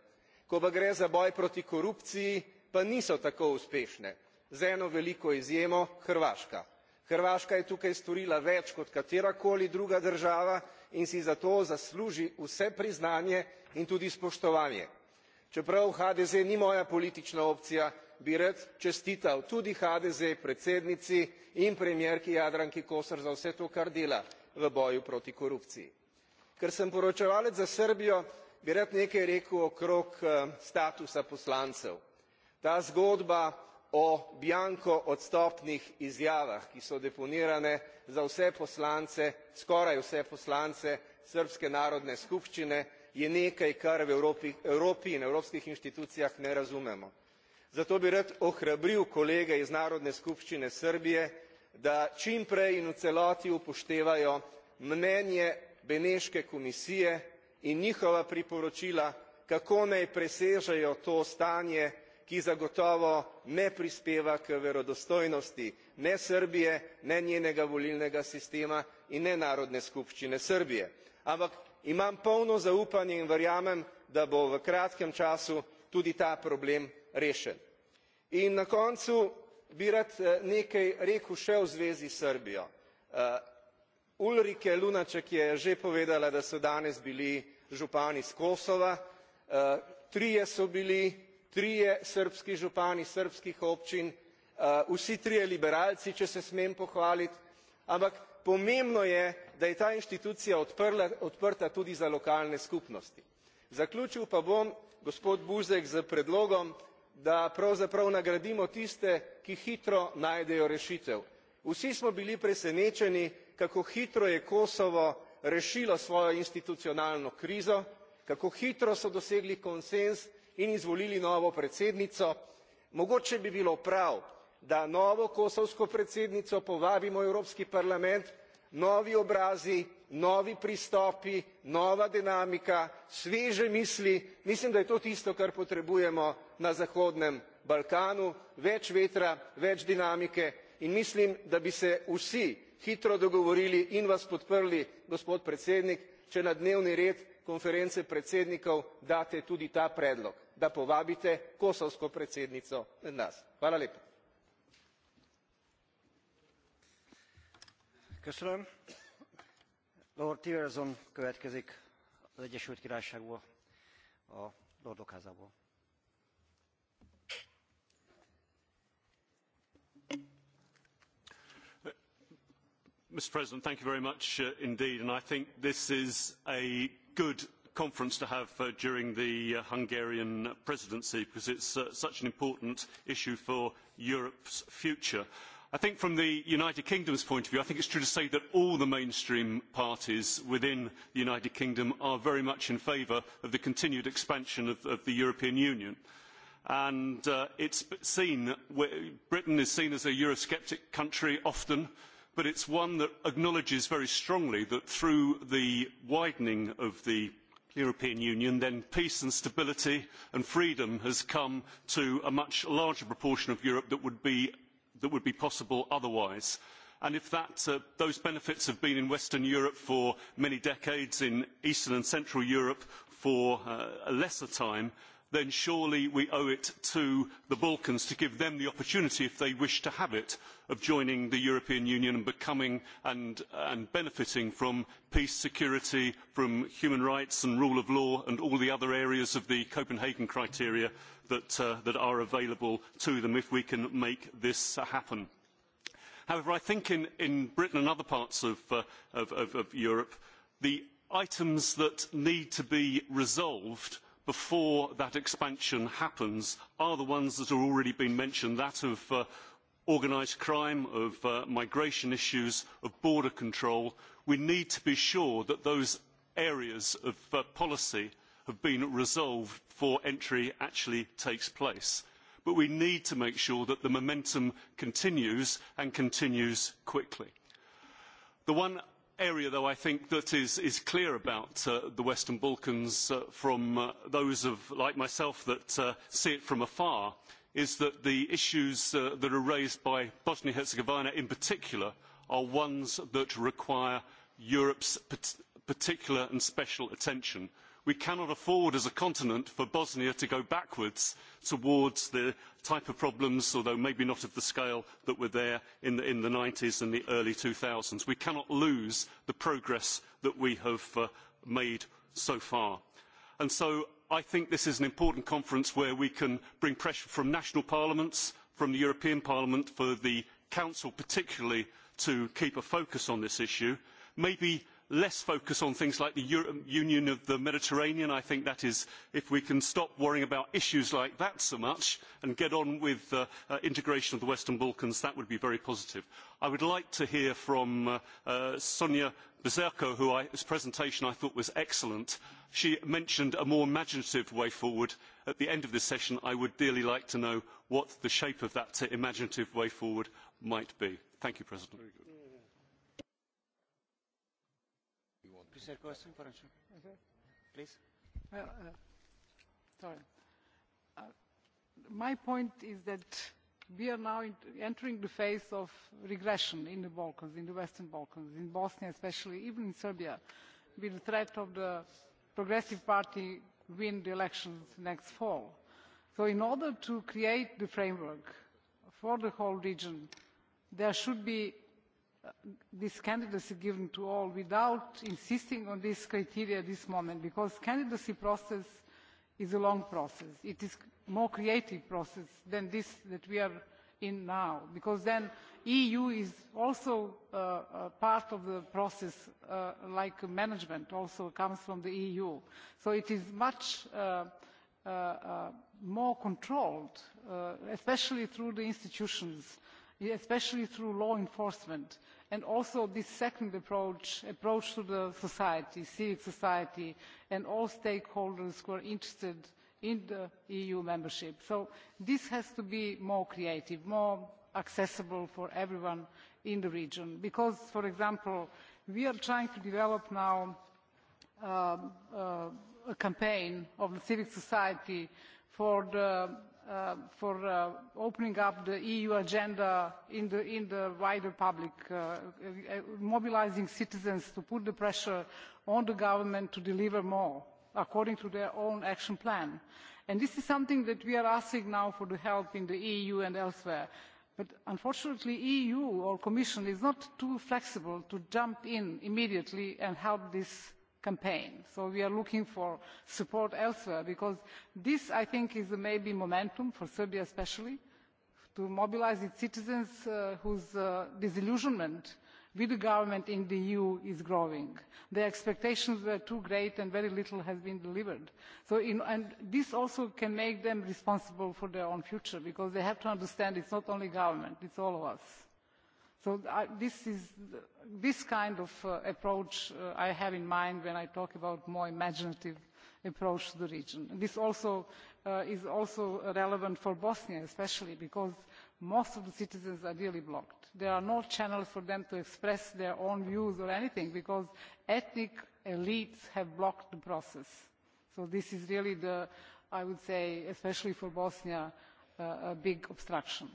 Speaker 9: Ko pa gre za boj proti korupciji, pa niso tako uspešne. Z eno veliko izjemo Hrvaška. Hrvaška je tukaj storila več kot katerakoli druga država in si zato zasluži vse priznanje in tudi spoštovanje. Čeprav HDZ ni moja politična opcija, bi rad čestital tudi HDZ predsednici in premjerki Jadranki Kosor za vse to, kar dela v boju proti korupciji. Ker sem poročevalec za Srbijo, bi rad nekaj rekel okrog eh, statusa poslancev. Ta zgodba o bianco odstopnih izjavah, ki so deponirane za vse poslance, skoraj vse poslance Srpske narodne skupščine, je nekaj, kar v Evropi, Evropi in evropskih inštitucijah ne razumemo. Zato bi rad ohrabril kolege iz Narodne skupščine Srbije, da čim prej in v celoti upoštevajo mnenje Beneške komisije in njihova priporočila, kako naj presežejo to stanje, ki zagotovo ne prispeva k verodostojnosti ne Srbije, ne njenega volilnega sistema in ne Narodne skupščine Srbije. Ampak Imam polno zaupanje in verjamem, da bo v kratkem času tudi ta problem rešen. In na koncu bi rad eh, nekaj rekel še v zvezi s Srbijo. Eh, Ulrike Lunaček je že povedala, da so danes bili župani iz Kosova, eh, trije so bili, trije srbski župani srbskih občin, vsi trije liberalci, če se smem pohvaliti, ampak pomembno je, da je ta inštitucija odprla, odprta tudi za lokalne skupnosti. Zaključil pa bom, gospod Buzek, z predlogom, da pravzaprav nagradimo tiste, ki hitro najdejo rešitev. Vsi smo bili presenečeni, kako hitro je Kosovo rešilo svojo institucionalno krizo, kako hitro so dosegli konsens in izvolili novo predsednico. Mogoče bi bilo prav, da novo kosovsko predsjednico povabimo u Europski parlament, novi obrazi, novi pristopi, nova dinamika, sveže misli. Mislim, da je to tisto, kar potrebujemo na Zahodnem Balkanu, več vetra, več dinamike in mislim, da bi se vsi hitro dogovorili in vas podprli, gospod predsednik, če na dnevni red konference predsednikov date tudi ta predlog, da povabite kosovsko predsednico med nas. Hvala
Speaker 2: lepa. Köszönöm. Lord Tiverson következik az Egyesült Királyságból, a Lordok házából.
Speaker 14: Mr President, thank you very much uh, indeed. And I think this is a good conference to have uh, during the uh, Hungarian presidency because it's uh, such an important issue for Europe's future. Uh, I think from the United Kingdom's point of view, I think it is true to say that all the mainstream parties within the United Kingdom are very much in favour of the continued expansion of, of the European Union. And uh, it's seen, Britain is seen as a Eurosceptic country often, but it is one that acknowledges very strongly that through the widening of the European Union, then peace and stability and freedom has come to a much larger proportion of Europe that would be that would be possible otherwise. And if that, uh, those benefits have been in Western Europe for many decades, in Eastern and Central Europe for uh, a lesser time, then surely we owe it to the Balkans to give them the opportunity, if they wish to have it, of joining the European Union and becoming and, and benefiting from peace, security, from human rights and rule of law and all the other areas of the Copenhagen criteria that, uh, that are available to them if we can make this uh, happen. However, I think in, in Britain and other parts of, uh, of, of, of Europe, the items that need to be resolved before that expansion happens are the ones that have already been mentioned, that of uh, organised crime, of uh, migration issues, of border control. We need to be sure that those areas of uh, policy have been resolved before entry actually takes place. But we need to make sure that the momentum continues and continues quickly. The one area, though, I think that is, is clear about uh, the Western Balkans uh, from uh, those of, like myself that uh, see it from afar is that the issues uh, that are raised by Bosnia and Herzegovina in particular are ones that require Europe's particular and special attention We cannot afford as a continent for Bosnia to go backwards towards the type of problems, although maybe not of the scale that were there in the, in the 90s and the early 2000s. We cannot lose the progress that we have uh, made so far. And so I think this is an important conference where we can bring pressure from national parliaments, from the European Parliament, for the Council particularly to keep a focus on this issue. Maybe less focus on things like the Euro um, Union of the Mediterranean. I think that is, if we can stop worrying about issues like that so much and get on with uh, uh, integration of the Western Balkans, that would be very positive. I would like to hear from uh, uh Sonia Bezerko, who I, whose presentation I thought was excellent. She mentioned a more imaginative way forward. At the end of this session, I would dearly like to know what the shape of that imaginative way forward might be. Thank you, President.
Speaker 2: for Please.
Speaker 4: Well, uh, uh, sorry. Uh, my point is that we are now entering the phase of regression in the Balkans, in the Western Balkans, in Bosnia especially, even in Serbia, with the threat of the Progressive Party win the elections next fall. So in order to create the framework for the whole region, there should be this candidacy given to all without insisting on this criteria at this moment because candidacy process is a long process. It is more creative process than this that we are in now because then EU is also uh, a part of the process uh, like management also comes from the EU. So it is much uh, uh, uh, more controlled, uh, especially through the institutions, especially through law enforcement. Uh, and also this second approach, approach to the society, civic society, and all stakeholders who are interested in the EU membership. So this has to be more creative, more accessible for everyone in the region. Because, for example, we are trying to develop now um, uh, a campaign of the civic society for the uh, for uh, opening up the EU agenda in the, in the wider public, uh, uh, mobilizing citizens to put the pressure on the government to deliver more according to their own action plan. And this is something that we are asking now for the help in the EU and elsewhere. But unfortunately, EU or Commission is not too flexible to jump in immediately and help this campaign. So we are looking for support elsewhere because this, I think, is maybe momentum for Serbia especially to mobilize its citizens uh, whose uh, disillusionment with the government in the EU is growing. The expectations were too great and very little has been delivered. So in, and this also can make them responsible for their own future because they have to understand it's not only government, it's all of us. So this is this kind of uh, approach uh, I have in mind when I talk about more imaginative approach to the region. This also uh, is also relevant for Bosnia especially because most of the citizens are really blocked. There are no channels for them to express their own views or anything because ethnic elites have blocked the process. So this is really the, I would say, especially for Bosnia, uh, a big obstruction.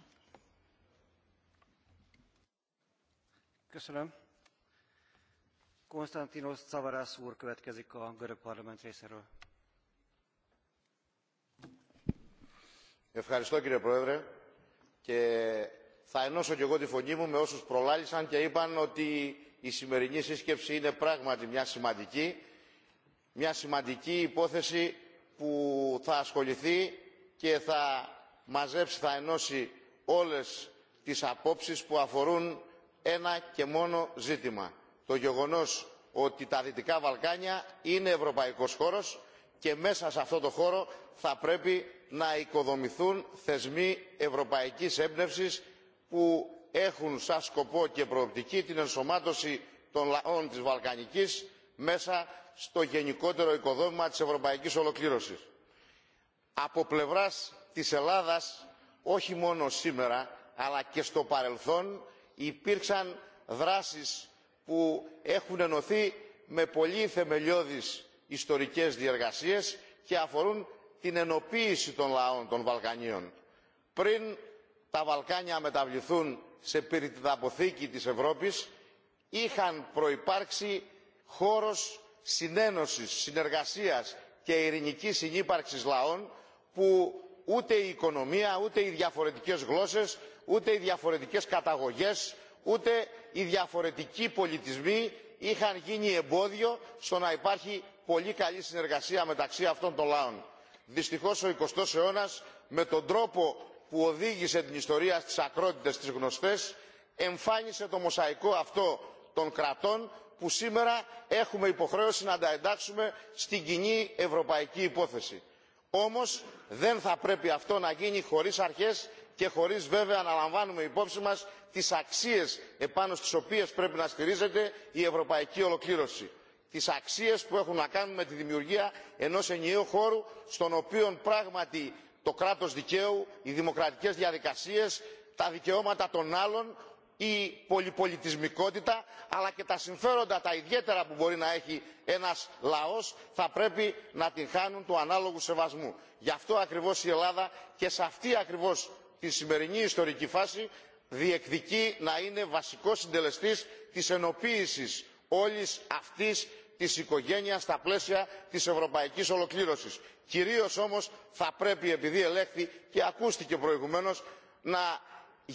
Speaker 2: Köszönöm. Konstantinos Tsavaras úr következik a görög parlament részéről.
Speaker 15: Ευχαριστώ κύριε Πρόεδρε και θα ενώσω και εγώ τη φωνή μου με όσους προλάλησαν και είπαν ότι η σημερινή σύσκεψη είναι πράγματι μια σημαντική, μια σημαντική υπόθεση που θα ασχοληθεί και θα μαζέψει, θα ενώσει όλες τις απόψεις που αφορούν ένα και μόνο ζήτημα. Το γεγονός ότι τα Δυτικά Βαλκάνια είναι ευρωπαϊκός χώρος και μέσα σε αυτό το χώρο θα πρέπει να οικοδομηθούν θεσμοί ευρωπαϊκής έμπνευσης που έχουν σαν σκοπό και προοπτική την ενσωμάτωση των λαών της Βαλκανικής μέσα στο γενικότερο οικοδόμημα της ευρωπαϊκής ολοκλήρωσης. Από πλευράς της Ελλάδας, όχι μόνο σήμερα, αλλά και στο παρελθόν, υπήρξαν δράσεις που έχουν ενωθεί με πολύ θεμελιώδεις ιστορικές διεργασίες και αφορούν την ενοποίηση των λαών των Βαλκανίων. Πριν τα Βαλκάνια μεταβληθούν σε πυρητιδαποθήκη της Ευρώπης, είχαν προϋπάρξει χώρος συνένωσης, συνεργασίας και ειρηνικής συνύπαρξης λαών που ούτε η οικονομία, ούτε οι διαφορετικές γλώσσες, ούτε οι διαφορετικές καταγωγές, ούτε οι διαφορετικοί πολιτισμοί είχαν γίνει εμπόδιο στο να υπάρχει πολύ καλή συνεργασία μεταξύ αυτών των λαών. Δυστυχώς ο 20ος αιώνας με τον τρόπο που οδήγησε την ιστορία στις ακρότητες τις γνωστές εμφάνισε το μοσαϊκό αυτό των κρατών που σήμερα έχουμε υποχρέωση να τα εντάξουμε στην κοινή ευρωπαϊκή υπόθεση. Όμως δεν θα πρέπει αυτό να γίνει χωρίς αρχές και χωρίς βέβαια να λαμβάνουμε υπόψη μας τις αξίες επάνω στις οποίες πρέπει να στηρίζεται η ευρωπαϊκή ολοκλήρωση. Τις αξίες που έχουν να κάνουν με τη δημιουργία ενός ενιαίου χώρου στον οποίο πράγματι το κράτος δικαίου, οι δημοκρατικές διαδικασίες, τα δικαιώματα των άλλων η πολυπολιτισμικότητα αλλά και τα συμφέροντα τα ιδιαίτερα που μπορεί να έχει ένας λαός θα πρέπει να την χάνουν του ανάλογου σεβασμού. Γι' αυτό ακριβώς η Ελλάδα και σε αυτή ακριβώς τη σημερινή ιστορική φάση διεκδικεί να είναι βασικός συντελεστής της ενοποίησης όλης αυτής της οικογένειας στα πλαίσια της ευρωπαϊκής ολοκλήρωσης. Κυρίως όμως θα πρέπει επειδή ελέγχθη και ακούστηκε προηγουμένως να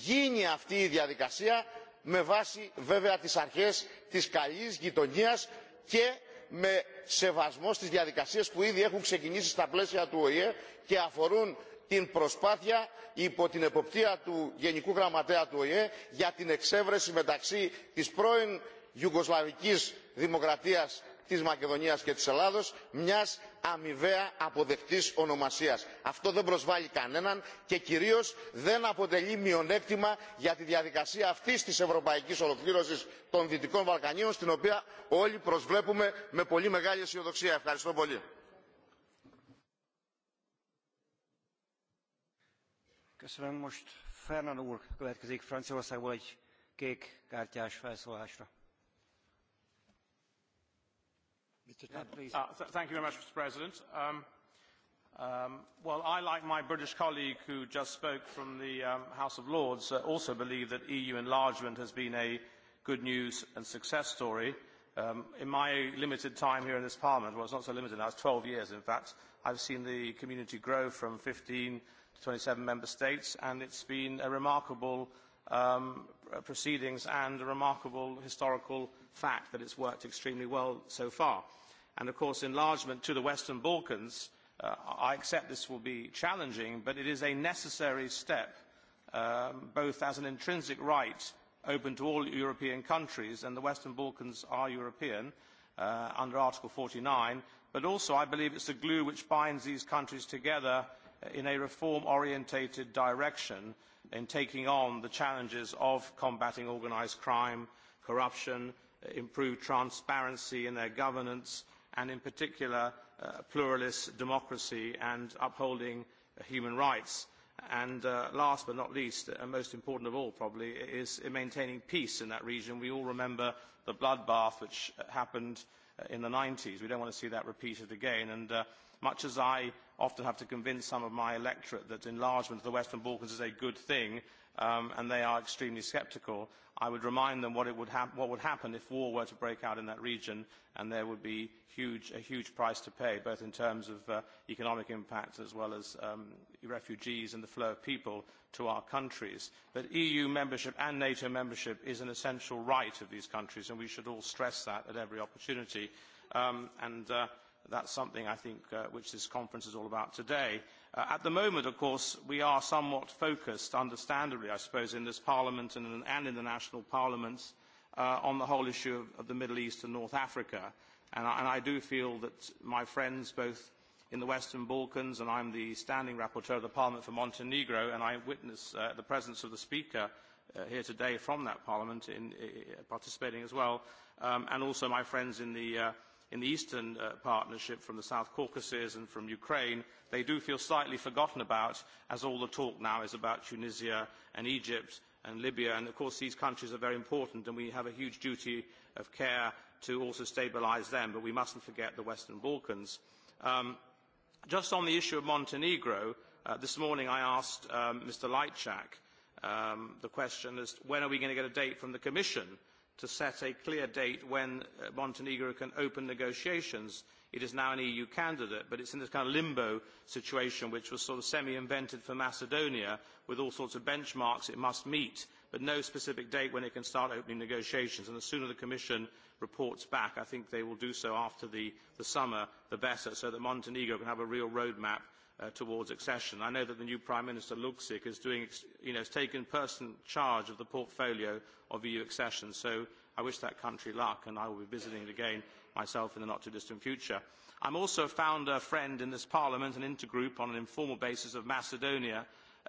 Speaker 15: γίνει αυτή η διαδικασία με βάση βέβαια τις αρχές της καλής γειτονίας και με σεβασμό στις διαδικασίες που ήδη έχουν ξεκινήσει στα πλαίσια του οηε και αφορούν την προσπάθεια υπό την εποπτεία του Γενικού Γραμματέα του ΟΗΕ για την εξέβρεση μεταξύ της πρώην Ιουγκοσλαβικής Δημοκρατίας της Μακεδονίας και της Ελλάδος μιας αμοιβαία αποδεκτής ονομασίας. Αυτό δεν προσβάλλει κανέναν και κυρίως δεν αποτελεί μειονέκτημα για τη διαδικασία αυτής της ευρωπαϊκής ολοκλήρωσης των Δυτικών Βαλκανίων στην οποία όλοι προσβλέπουμε με πολύ μεγάλη αισιοδοξία. Ευχαριστώ πολύ.
Speaker 2: Köszönöm, most Fernando úr következik Franciaországból egy kék kártyás felszólásra.
Speaker 16: Mr. Yeah, please. Uh, th thank you very much, Mr. President. Um, um, well, I, like my British colleague who just spoke from the um, House of Lords, uh, also believe that EU enlargement has been a good news and success story. Um, in my limited time here in this Parliament, well, it's not so limited now, it's 12 years, in fact, I've seen the community grow from 15 to 27 member states, and it's been a remarkable um, proceedings and a remarkable historical fact that it's worked extremely well so far. And of course, enlargement to the Western Balkans, uh, I accept this will be challenging, but it is a necessary step, um, both as an intrinsic right open to all European countries, and the Western Balkans are European uh, under Article forty nine, but also I believe it is the glue which binds these countries together in a reform-orientated direction in taking on the challenges of combating organised crime, corruption, improve transparency in their governance and in particular uh, pluralist democracy and upholding human rights. And uh, last but not least, and most important of all probably, is maintaining peace in that region. We all remember the bloodbath which happened uh, in the nineties. s We don't want to see that repeated again. And much as I often have to convince some of my electorate that enlargement of the Western Balkans is a good thing, um, and they are extremely sceptical. I would remind them what, it would what would happen if war were to break out in that region, and there would be huge, a huge price to pay, both in terms of uh, economic impact as well as um, refugees and the flow of people to our countries. But EU membership and NATO membership is an essential right of these countries, and we should all stress that at every opportunity. Um, and uh, that's something I think uh, which this conference is all about today. Uh, at the moment, of course, we are somewhat focused, understandably, I suppose, in this Parliament and in, and in the national parliaments uh, on the whole issue of, of the Middle East and North Africa. And I, and I do feel that my friends, both in the Western Balkans, and I'm the standing rapporteur of the Parliament for Montenegro, and I witness uh, the presence of the Speaker uh, here today from that Parliament in, uh, participating as well, um, and also my friends in the uh, in the Eastern uh, Partnership from the South Caucasus and from Ukraine, they do feel slightly forgotten about as all the talk now is about Tunisia and Egypt and Libya. And of course, these countries are very important and we have a huge duty of care to also stabilise them, but we must not forget the Western Balkans. Um, just on the issue of Montenegro, uh, this morning I asked um, Mr. Lightchak um, the question as to when are we going to get a date from the Commission to set a clear date when uh, Montenegro can open negotiations. It is now an EU candidate, but it is in this kind of limbo situation which was sort of semi-invented for Macedonia with all sorts of benchmarks it must meet, but no specific date when it can start opening negotiations. And the sooner the Commission reports back, I think they will do so after the, the summer, the better, so that Montenegro can have a real roadmap uh, towards accession. I know that the new Prime Minister Luksic is doing, you know, has taken personal charge of the portfolio of EU accession, so I wish that country luck, and I will be visiting it again myself in the not-too-distant future. I am also a founder friend in this Parliament, an intergroup on an informal basis of Macedonia.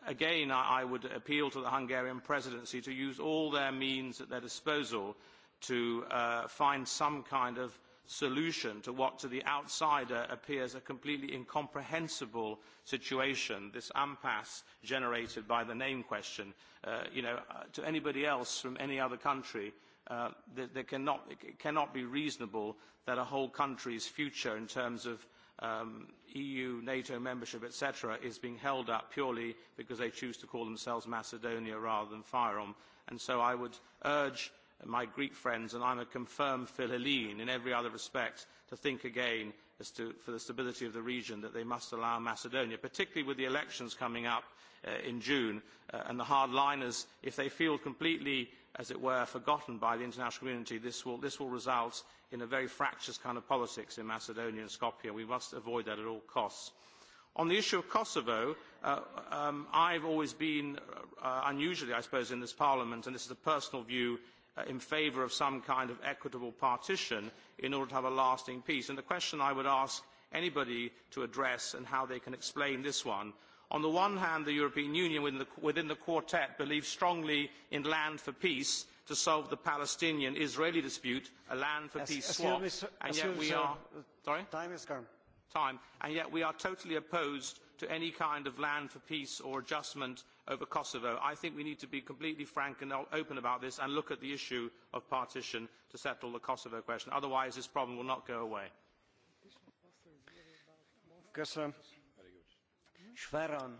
Speaker 16: Again, I, I would appeal to the Hungarian presidency to use all their means at their disposal to uh, find some kind of solution to what to the outsider appears a completely incomprehensible situation, this impasse generated by the name question. Uh, you know, uh, to anybody else from any other country, uh, there, there cannot, it cannot be reasonable that a whole country's future in terms of um, EU, NATO membership, etc., is being held up purely because they choose to call themselves Macedonia rather than Fyrom. And so I would urge my Greek friends, and I am a confirmed Philhellene in every other respect, to think again as to, for the stability of the region that they must allow Macedonia, particularly with the elections coming up uh, in June, uh, and the hardliners, if they feel completely, as it were, forgotten by the international community, this will, this will result in a very fractious kind of politics in Macedonia and Skopje. We must avoid that at all costs. On the issue of Kosovo, uh, um, I've always been, uh, unusually I suppose, in this Parliament, and this is a personal view, Uh, in favour of some kind of equitable partition in order to have a lasting peace. And the question I would ask anybody to address and how they can explain this one. On the one hand, the European Union within the, within the quartet believes strongly in land for peace to solve the Palestinian-Israeli dispute, a land for as, peace as swap, as and yet we are... Sorry? Time is gone. Time. And yet we are totally opposed to any kind of land for peace or adjustment over Kosovo, I think we need to be completely frank and open about this and look at the issue of partition to settle the Kosovo question. Otherwise, this problem will not go away.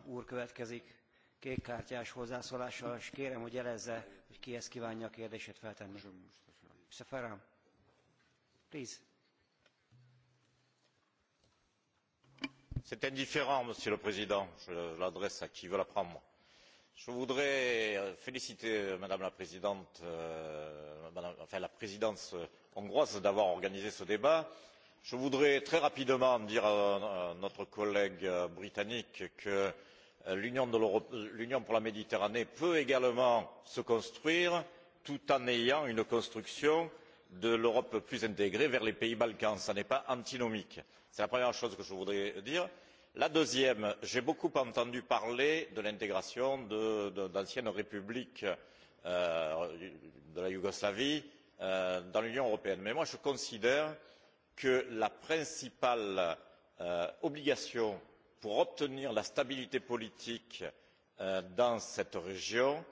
Speaker 2: úr következik kékkártyás hozzászólással, és kérem, hogy jelezze, hogy kihez kívánja a kérdését feltenni. please.
Speaker 17: C'est indifférent, Monsieur le Président. Je l'adresse à qui veut la prendre. Je voudrais euh, féliciter euh, Madame la Présidente, euh, Madame, enfin la présidence euh, hongroise d'avoir organisé ce débat. Je voudrais très rapidement dire à, à notre collègue britannique que l'Union pour la Méditerranée peut également se construire tout en ayant une construction de l'Europe plus intégrée vers les pays Balkans. Ce n'est pas antinomique. C'est la première chose que je voudrais dire. La deuxième, j'ai beaucoup entendu parler de l'intégration d'anciennes républiques euh, de la Yougoslavie euh, dans l'Union européenne. Mais moi, je considère que la principale euh, obligation pour obtenir la stabilité politique euh, dans cette région,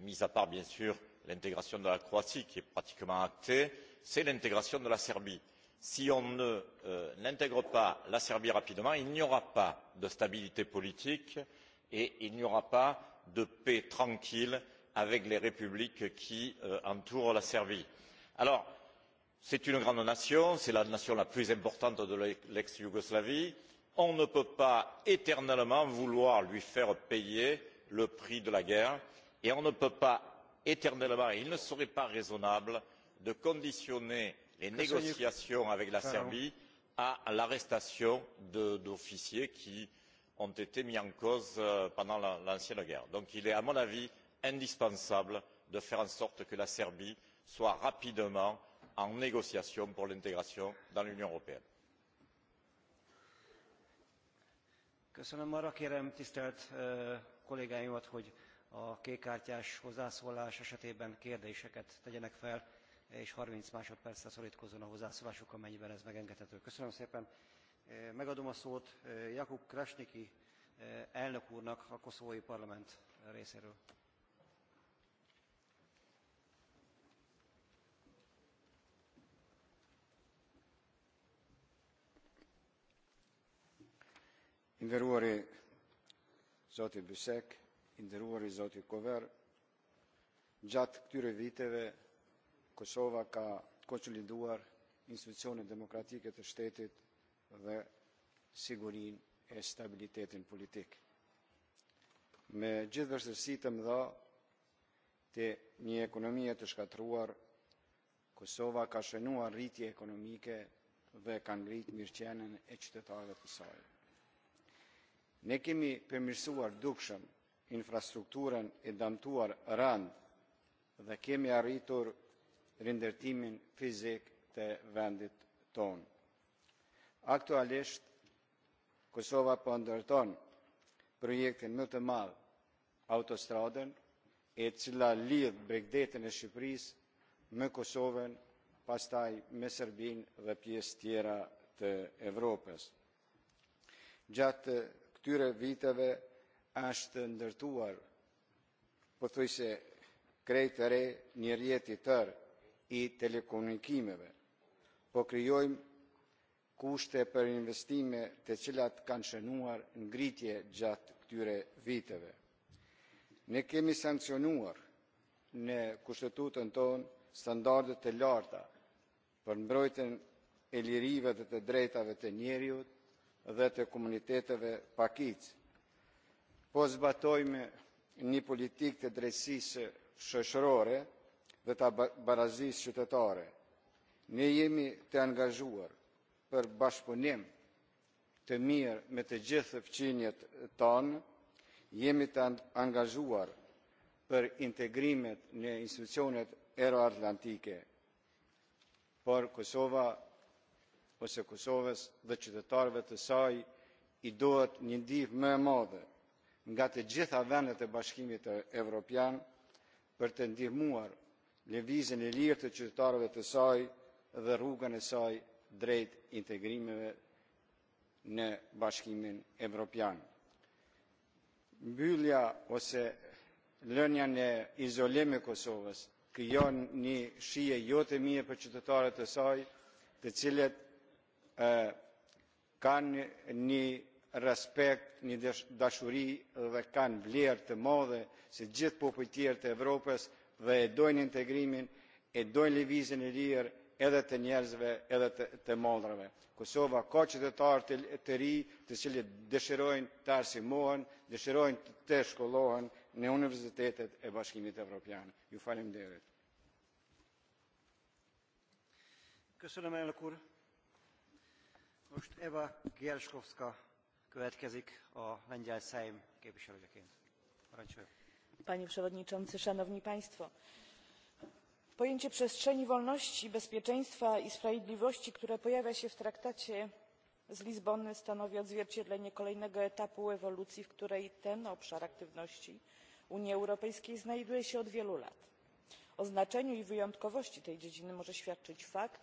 Speaker 17: mis à part bien sûr l'intégration de la Croatie qui est pratiquement actée, c'est l'intégration de la Serbie si on n'intègre euh, pas la Serbie rapidement, il n'y aura pas de stabilité politique et il n'y aura pas de paix tranquille avec les républiques qui euh, entourent la Serbie. Alors, c'est une grande nation, c'est la nation la plus importante de l'ex-Yougoslavie. On ne peut pas éternellement vouloir lui faire payer le prix de la guerre et on ne peut pas éternellement, et il ne serait pas raisonnable de conditionner les négociations avec la Serbie à l'arrestation d'officiers qui ont été mis en cause euh, pendant l'ancienne guerre. Donc il est, à mon avis, indispensable de faire en sorte que la Serbie soit rapidement en négociation pour l'intégration dans l'Union européenne.
Speaker 2: Köszönöm, arra kérem tisztelt kollégáimat, hogy a kékkártyás hozzászólás esetében kérdéseket tegyenek fel és 30 másodpercre szorítkozzon a hozzászólásuk, amennyiben ez megengedhető. Köszönöm szépen. Megadom a szót Jakub Krasniki elnök úrnak a koszovói parlament részéről.
Speaker 18: Inderuari Zoti Busek, inderuari Zoti Kover, gjatë këtyre viteve Kosova ka konsoliduar institucionet demokratike të shtetit dhe sigurin e stabilitetin politik. Me gjithë vërstërsi të mëdha të një ekonomie të shkatruar, Kosova ka shënuar rritje ekonomike dhe ka ngritë mirëqenën e qytetarëve të saj. Ne kemi përmirësuar dukshëm infrastrukturën e damtuar rand dhe kemi arritur rinder timin fizik të vendit ton. Aktualisht, Kosova po ndërton projektin më të madh, autostradën, e cila lidh Bregdetin e Shqipërisë me Kosovën, pastaj me Serbinë dhe pjesë tjera të Evropës. Gjatë këtyre viteve është ndërtuar pothuajse krejt e re një rjet i tërë i telekomunikimeve. Po krijojm kushte për investime të cilat kanë shënuar ngritje gjatë këtyre viteve. Ne kemi sankcionuar në kushtetutën tonë standardet të larta për mbrojtjen e lirive dhe të drejtave të njeriut dhe të komuniteteve pakic. Po zbatojme një politik të drejtsisë shëshërore, dhe të barazis qytetare. Ne jemi të angazhuar për bashkëpunim të mirë me të gjithë fëqinjet tonë, jemi të angazhuar për integrimet në institucionet euroatlantike, por Kosova ose Kosovës dhe qytetarëve të saj i duhet një ndihmë më e madhe nga të gjitha vendet e Bashkimit e Evropian për të ndihmuar lëvizjen e lirë të qytetarëve të saj dhe rrugën e saj drejt integrimeve në bashkimin evropian. Mbyllja ose lënja në izolim e Kosovës krijon një shije jo të mirë për qytetarët e saj, të cilët e, kanë një respekt, një dashuri dhe kanë vlerë të madhe se gjithë popujt tjerë të Evropës dhe e dojnë integrimin, e dojnë lëvizjen e lirë edhe të njerëzve, edhe të, të mondrave. Kosova ka qytetarë të, të ri të cilët dëshirojnë të arsimohen, dëshirojnë të shkollohen në universitetet e Bashkimit Evropian. Ju falemnderit.
Speaker 2: Köszönöm, elnök úr! Most Eva Gierskovska következik a lengyel Szejm képviselőjeként. Parancsoljon!
Speaker 19: Panie Przewodniczący, Szanowni Państwo! Pojęcie przestrzeni wolności, bezpieczeństwa i sprawiedliwości, które pojawia się w traktacie z Lizbony stanowi odzwierciedlenie kolejnego etapu ewolucji, w której ten obszar aktywności Unii Europejskiej znajduje się od wielu lat. O znaczeniu i wyjątkowości tej dziedziny może świadczyć fakt,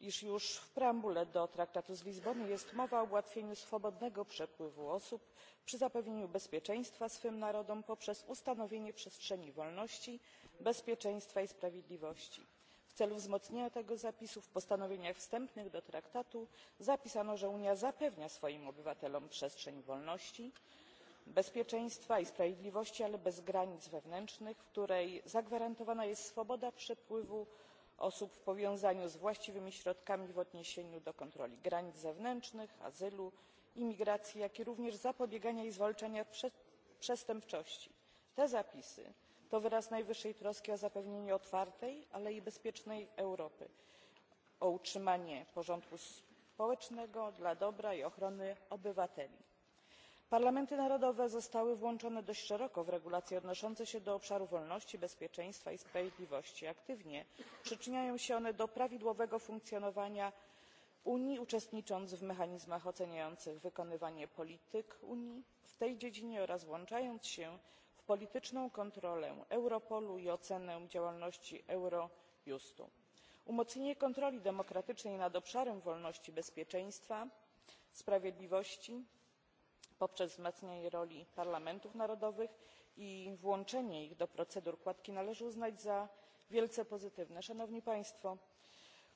Speaker 19: iż już w preambule do traktatu z lizbony jest mowa o ułatwieniu swobodnego przepływu osób przy zapewnieniu bezpieczeństwa swym narodom poprzez ustanowienie przestrzeni wolności bezpieczeństwa i sprawiedliwości. w celu wzmocnienia tego zapisu w postanowieniach wstępnych do traktatu zapisano że unia zapewnia swoim obywatelom przestrzeń wolności bezpieczeństwa i sprawiedliwości ale bez granic wewnętrznych w której zagwarantowana jest swoboda przepływu osób w powiązaniu z właściwymi środkami w odniesieniu do kontroli granic zewnętrznych azylu imigracji jak również zapobiegania i zwalczania przestępczości. te zapisy to wyraz najwyższej troski o zapewnienie otwartej ale i bezpiecznej europy o utrzymanie porządku społecznego dla dobra i ochrony obywateli parlamenty narodowe zostały włączone dość szeroko w regulacje odnoszące się do obszaru wolności bezpieczeństwa i sprawiedliwości. aktywnie przyczyniają się one do prawidłowego funkcjonowania unii uczestnicząc w mechanizmach oceniających wykonywanie polityk unii w tej dziedzinie oraz włączając się w polityczną kontrolę europolu i ocenę działalności eurojustu. umocnienie kontroli demokratycznej nad obszarem wolności bezpieczeństwa sprawiedliwości poprzez wzmacnianie roli parlamentów narodowych i włączenie ich do procedur kładki należy uznać za wielce pozytywne.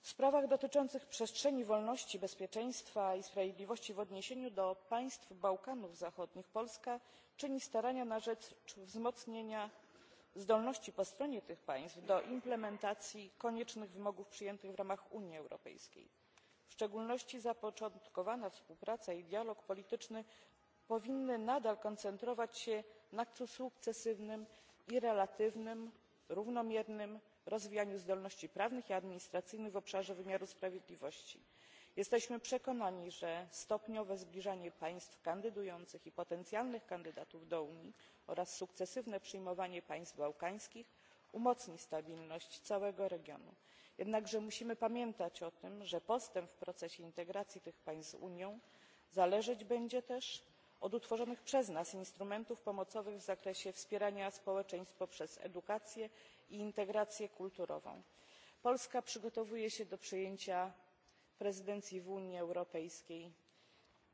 Speaker 19: w sprawach dotyczących przestrzeni wolności bezpieczeństwa i sprawiedliwości w odniesieniu do państw bałkanów zachodnich polska czyni starania na rzecz wzmocnienia zdolności po stronie tych państw do implementacji koniecznych wymogów przyjętych w ramach unii europejskiej. w szczególności zapoczątkowana współpraca i dialog polityczny powinny nadal koncentrować się na sukcesywnym i relatywnym równomiernym rozwijaniu zdolności prawnych i administracyjnych w obszarze wymiaru sprawiedliwości. jesteśmy przekonani że stopniowe zbliżanie państw kandydujących i potencjalnych kandydatów do unii oraz sukcesywne przyjmowanie państw bałkańskich umocni stabilność całego regionu. jednakże musimy pamiętać o tym że postęp w procesie integracji tych państw z unią zależeć będzie też od utworzonych przez nas instrumentów pomocowych w zakresie wspierania społeczeństw poprzez edukację i integrację kulturową. polska przygotowuje się do przejęcia prezydencji w unii europejskiej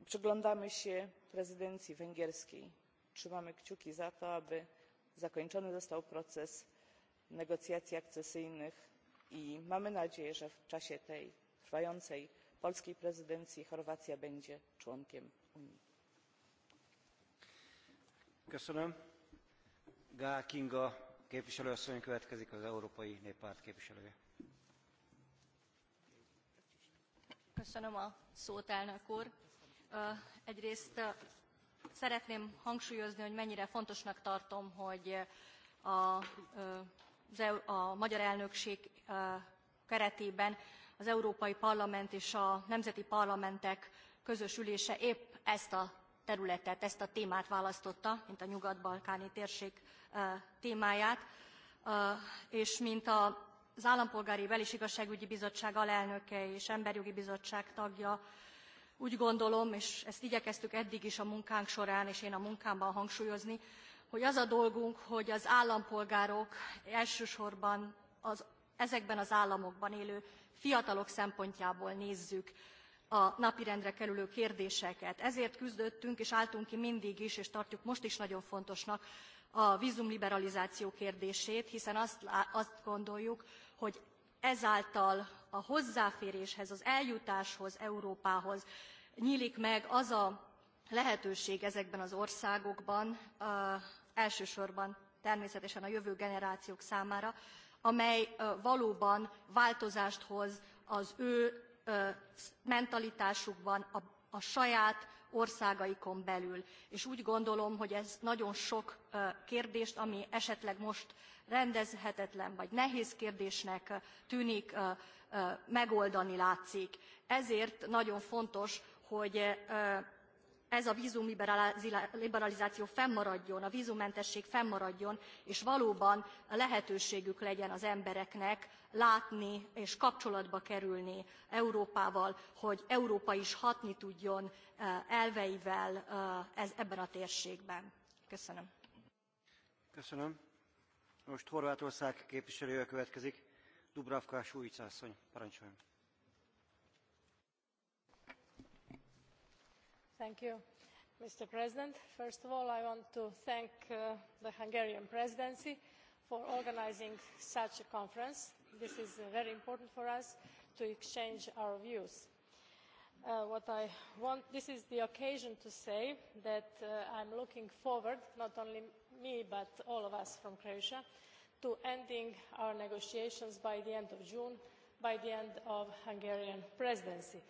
Speaker 19: przyglądamy się prezydencji węgierskiej trzymamy kciuki za to aby zakończony został proces negocjacji akcesyjnych i mamy nadzieję że w czasie tej trwającej polskiej prezydencji chorwacja będzie członkiem unii.
Speaker 2: Köszönöm. Gál Kinga képviselőasszony következik az Európai Néppárt képviselője.
Speaker 20: Köszönöm a szót, elnök úr. Egyrészt szeretném hangsúlyozni, hogy mennyire fontosnak tartom, hogy a, e a magyar elnökség keretében az Európai Parlament és a nemzeti parlamentek közös ülése épp ezt a területet, ezt a témát választotta, mint a nyugat-balkáni térség témáját, és mint az Állampolgári Velis Igazságügyi Bizottság alelnöke és Emberjogi Bizottság tagja, úgy gondolom, és ezt igyekeztük eddig is a munkánk során, és én a munkámban hangsúlyozni, hogy az a dolgunk, hogy az állampolgárok elsősorban az, ezekben az államokban élő fiatalok szempontjából nézzük a napirendre kerülő kérdéseket. Ezért küzdöttünk és álltunk ki mindig is, és tartjuk most is nagyon fontosnak a vízumliberalizáció kérdését, hiszen azt, azt gondoljuk, hogy ezáltal a hozzáféréshez, az eljutáshoz Európához nyílik meg az a lehetőség ezekben az országokban, ö, elsősorban természetesen a jövő generációk számára, amely ö, valóban változást hoz az ő mentalitásukban a, a saját országaikon belül. És úgy gondolom, hogy ez nagyon sok kérdést, ami esetleg most rendezhetetlen vagy nehéz kérdésnek tűnik, megoldani látszik. Ezért nagyon fontos, hogy ez a vízum liberalizáció fennmaradjon, a vízummentesség fennmaradjon, és valóban lehetőségük legyen az embereknek látni és kapcsolatba kerülni Európával, hogy Európa is hatni tudjon eh, elveivel eh, ez, ebben a térségben. Köszönöm.
Speaker 2: Köszönöm. Most Horvátország képviselője következik. Dubravka Sújca asszony, parancsoljon.
Speaker 21: Thank you. Mr. President, first of all, I want to thank uh, the Hungarian presidency for organizing such a conference. This is uh, very important for us to exchange our views. Uh, what I want, this is the occasion to say that uh, I'm looking forward, not only me, but all of us from Croatia, to ending our negotiations by the end of June, by the end of Hungarian presidency.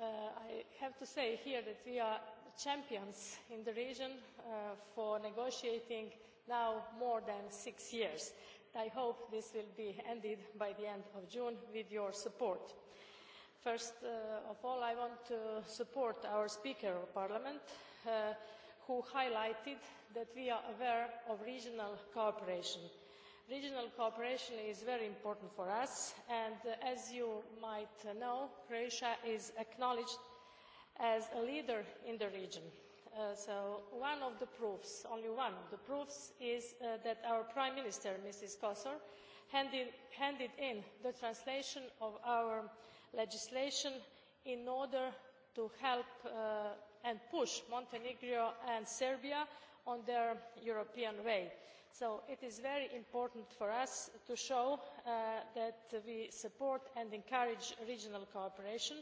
Speaker 21: Uh, I have to say here that we are champions in the region uh, for negotiating now more than six years. I hope this will be ended by the end of June with your support. First uh, of all, I want to support our Speaker of Parliament, uh, who highlighted that we are aware of regional cooperation. Regional cooperation is very important for us, and uh, as you might know, Croatia is acknowledged as a leader in the region. Uh, so one of the proofs, only one of the proofs, is uh, that our Prime Minister, Mrs. Kosor, handed, handed in the translation of our legislation in order to help uh, and push Montenegro and Serbia on their European way. So it is very important for us to show uh, that we support and encourage regional cooperation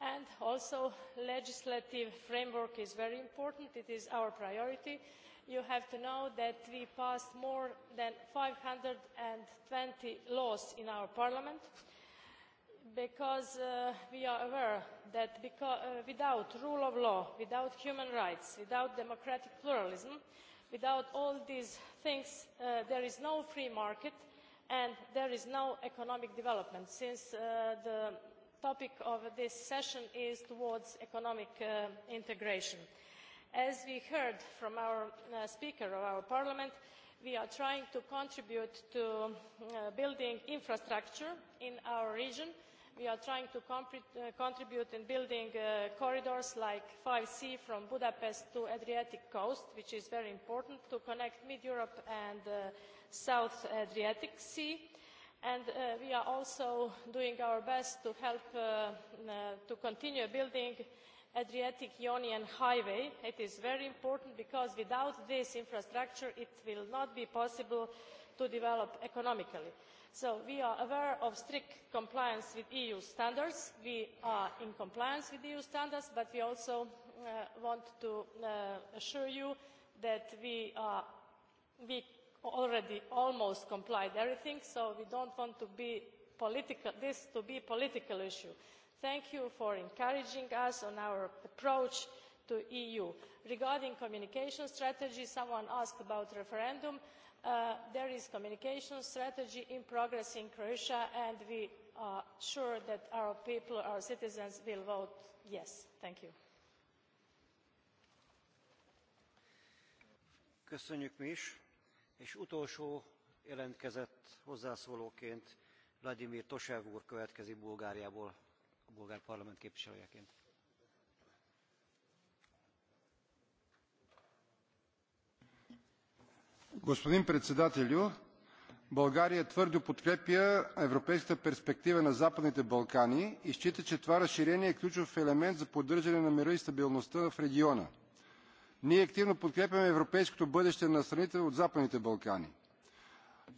Speaker 21: and also legislative framework is very important. It is our priority. You have to know that we passed more than 520 laws in our parliament because uh, we are aware that because, uh, without rule of law, without human rights, without democratic pluralism, Without all these things, uh, there is no free market and there is no economic development, since uh, the topic of this session is towards economic uh, integration. As we heard from our Speaker of our Parliament, we are trying to contribute to building infrastructure in our region we are trying to uh, contribute in building uh, corridors like 5C from Budapest to Adriatic coast, which is very important to connect mid-Europe and uh, South Adriatic Sea. And uh, we are also doing our best to help uh, uh, to continue building Adriatic Ionian Highway. It is very important because without this infrastructure it will not be possible to develop economically. So we are aware of strict compliance with EU standards. We are in compliance with EU standards, but we also uh, want to uh, assure you that we, are, we already almost complied everything, so we don't want to be political, this to be a political issue. Thank you for encouraging us on our approach to the EU. Regarding communication strategy, someone asked about referendum. Uh, there is communication strategy in progress in Croatia and we are sure that our people, our citizens will vote yes. Thank you.
Speaker 2: Köszönjük mi is, és utolsó jelentkezett hozzászólóként Vladimir Tosev úr következik Bulgáriából, a Bulgár Parlament képviselőjeként.
Speaker 22: Господин председателю, България твърдо подкрепя европейската перспектива на Западните Балкани и счита, че това разширение е ключов елемент за поддържане на мира и стабилността в региона. Ние активно подкрепяме европейското бъдеще на страните от Западните Балкани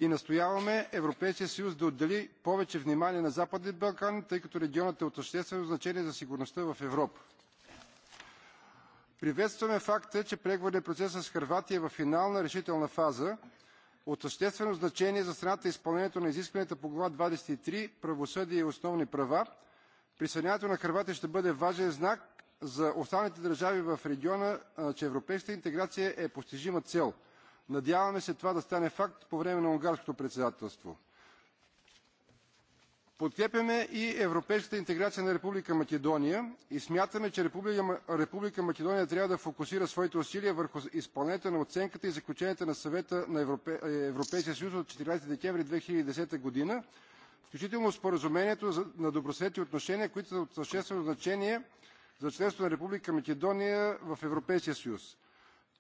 Speaker 22: и настояваме Европейския съюз да отдели повече внимание на Западните Балкани, тъй като регионът е от съществено значение за сигурността в Европа. Приветстваме факта, че преговорният процес с Хърватия е в финална решителна фаза. От съществено значение за страната е изпълнението на изискването по глава 23 правосъдие и основни права. Присъединяването на Хърватия ще бъде важен знак за останалите държави в региона, че европейската интеграция е постижима цел. Надяваме се това да стане факт по време на унгарското председателство. Подкрепяме и европейската интеграция на Република Македония и смятаме, че Република, Македония трябва да фокусира своите усилия върху изпълнението на оценката и заключението на съвета на Европейския съюз от 14 декември 2010 година, включително споразумението за, на добросветни отношения, които са от съществено значение за членството на Република Македония в Европейския съюз.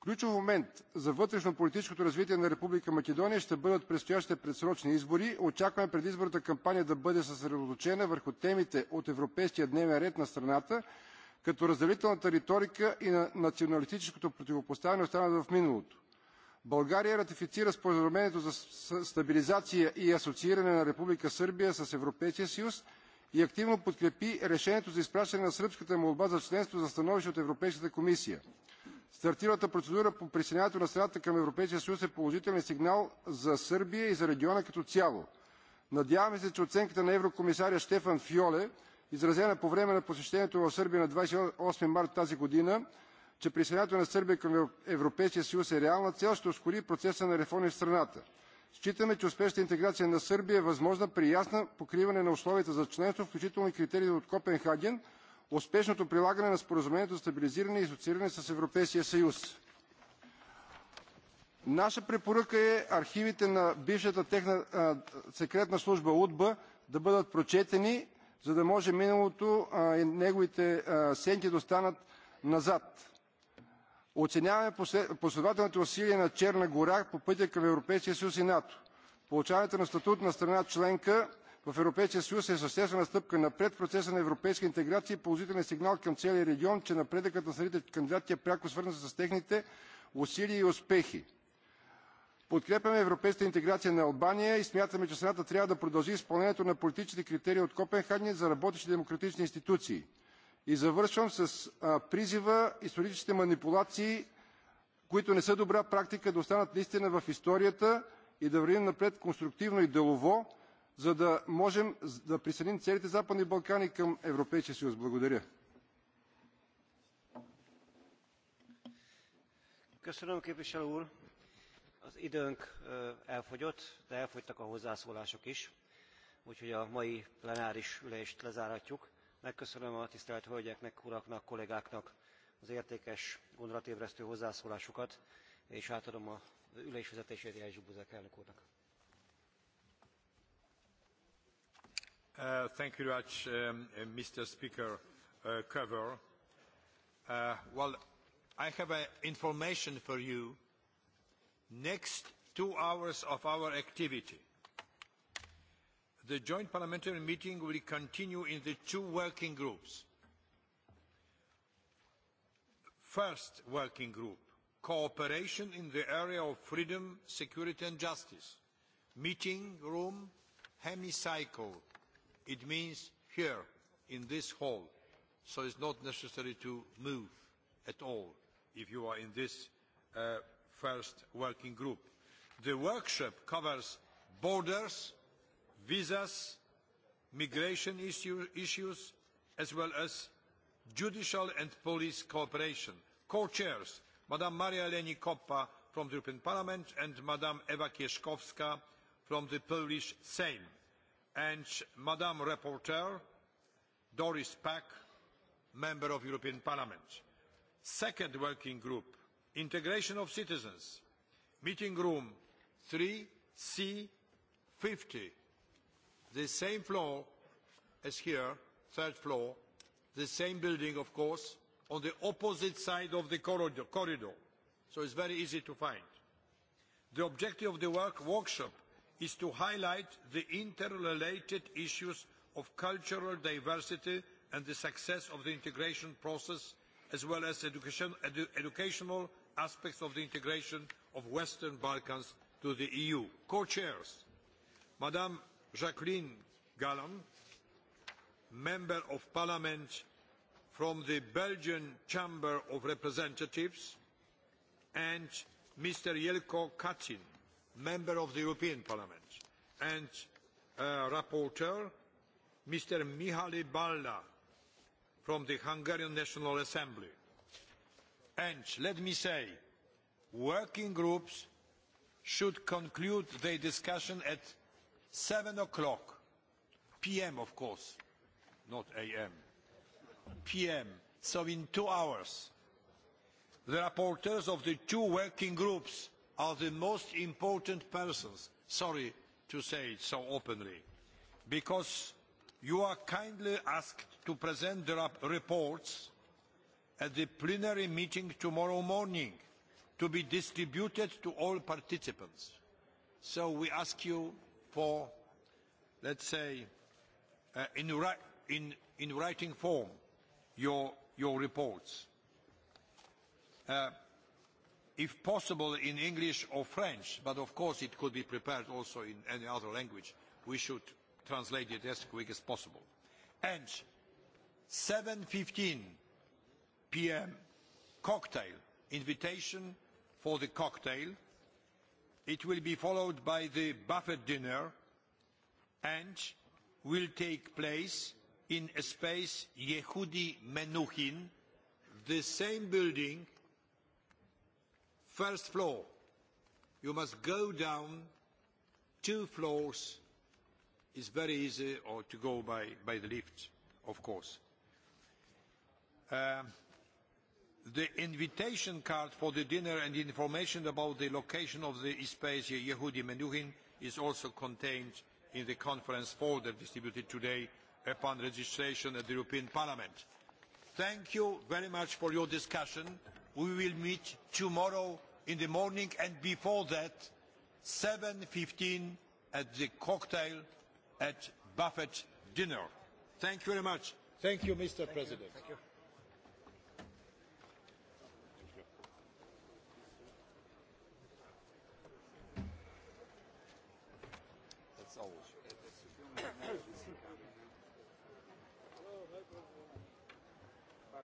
Speaker 22: Ключов момент за вътрешно-политическото развитие на Република Македония ще бъдат предстоящите предсрочни избори. Очакваме предизборната кампания да бъде съсредоточена върху темите от европейския дневен ред на страната, като разделителната риторика и на националистическото противопоставяне останат в миналото. България ратифицира споразумението за стабилизация и асоцииране на Република Сърбия с Европейския съюз и активно подкрепи решението за изпращане на сръбската молба за членство за становище от Европейската комисия стартира процедура по присъединяването на страната към Европейския съюз е положителен сигнал за Сърбия и за региона като цяло. Надяваме се, че оценката на еврокомисаря Штефан Фиоле, изразена по време на посещението в Сърбия на 28 март тази година, че присъединяването на Сърбия към Европейския съюз е реална цел, ще ускори процеса на реформи в страната. Считаме, че успешната интеграция на Сърбия е възможна при ясна покриване на условията за членство, включително и критериите от Копенхаген, успешното прилагане на споразумението за стабилизиране и асоцииране с Европейския съюз. Наша препоръка е архивите на бившата техна а, секретна служба УДБА да бъдат прочетени, за да може миналото а, и неговите а, сенки да останат назад. Оценяваме последователните усилия на Черна гора по пътя към Европейския съюз и НАТО. Получаването на статут на страна членка в Европейския съюз е съществена стъпка напред в процеса на европейска интеграция и положителен сигнал към целия регион, че напредъкът на страните кандидати е пряко свързан с техните усилия и успехи. Подкрепяме европейската интеграция на Албания и смятаме, че страната трябва да продължи изпълнението на политическите критерии от Копенхаген за работещи демократични институции. И завършвам с а, призива историческите манипулации, които не са добра практика, да останат наистина в историята и да вървим напред конструктивно и делово, за да можем да присъединим целите Западни Балкани към Европейския съюз. Благодаря.
Speaker 2: Köszönöm, képviselő úr! Az időnk elfogyott, de elfogytak a hozzászólások is, úgyhogy a mai plenáris ülést lezáratjuk. Megköszönöm a tisztelt hölgyeknek, uraknak, kollégáknak az értékes, gondolatébresztő hozzászólásukat, és átadom a ülésvezetését Jelzsi Buzek elnök úrnak.
Speaker 1: Uh, thank you very much, um, uh, Mr. Speaker, uh, cover. Uh, well, I have uh, information for you. Next two hours of our activity. The joint parliamentary meeting will continue in the two working groups. First working group, cooperation in the area of freedom, security and justice. Meeting room, hemicycle It means here, in this hall, so it's not necessary to move at all if you are in this uh, first working group. The workshop covers borders, visas, migration issue, issues, as well as judicial and police cooperation. Co-chairs, Madam Maria Leni Koppa from the European Parliament and Madam Eva Kieszkowska from the Polish Sejm and Madam Rapporteur Doris Pack, Member of European Parliament. Second working group, Integration of Citizens, meeting room 3C50, the same floor as here, third floor, the same building, of course, on the opposite side of the corridor, corridor so it's very easy to find. The objective of the work workshop is to highlight the interrelated issues of cultural diversity and the success of the integration process as well as education, edu, educational aspects of the integration of Western Balkans to the EU. Co-chairs, Madame Jacqueline Gallon, Member of Parliament from the Belgian Chamber of Representatives, and Mr. Jelko Katin, member of the European Parliament, and uh, rapporteur, Mr. Mihaly Balda from the Hungarian National Assembly. And let me say, working groups should conclude their discussion at seven o'clock, p.m. of course, not a.m., p.m., so in two hours. The rapporteurs of the two working groups are the most important persons, sorry to say it so openly, because you are kindly asked to present the reports at the plenary meeting tomorrow morning to be distributed to all participants. So we ask you for, let's say, uh, in, in, in writing form, your, your reports. Uh, if possible in English or French, but of course it could be prepared also in any other language. We should translate it as quick as possible. And 7.15 p.m. cocktail, invitation for the cocktail. It will be followed by the buffet dinner and will take place in a space Yehudi Menuhin, the same building First floor, you must go down two floors. It's very easy or to go by, by the lift, of course. Uh, the invitation card for the dinner and information about the location of the space Yehudi Menuhin is also contained in the conference folder distributed today upon registration at the European Parliament. Thank you very much for your discussion we will meet tomorrow in the morning and before that 7.15 at the cocktail at buffet dinner. Thank you very much. Thank you, Mr.
Speaker 13: Thank President. You. Thank you.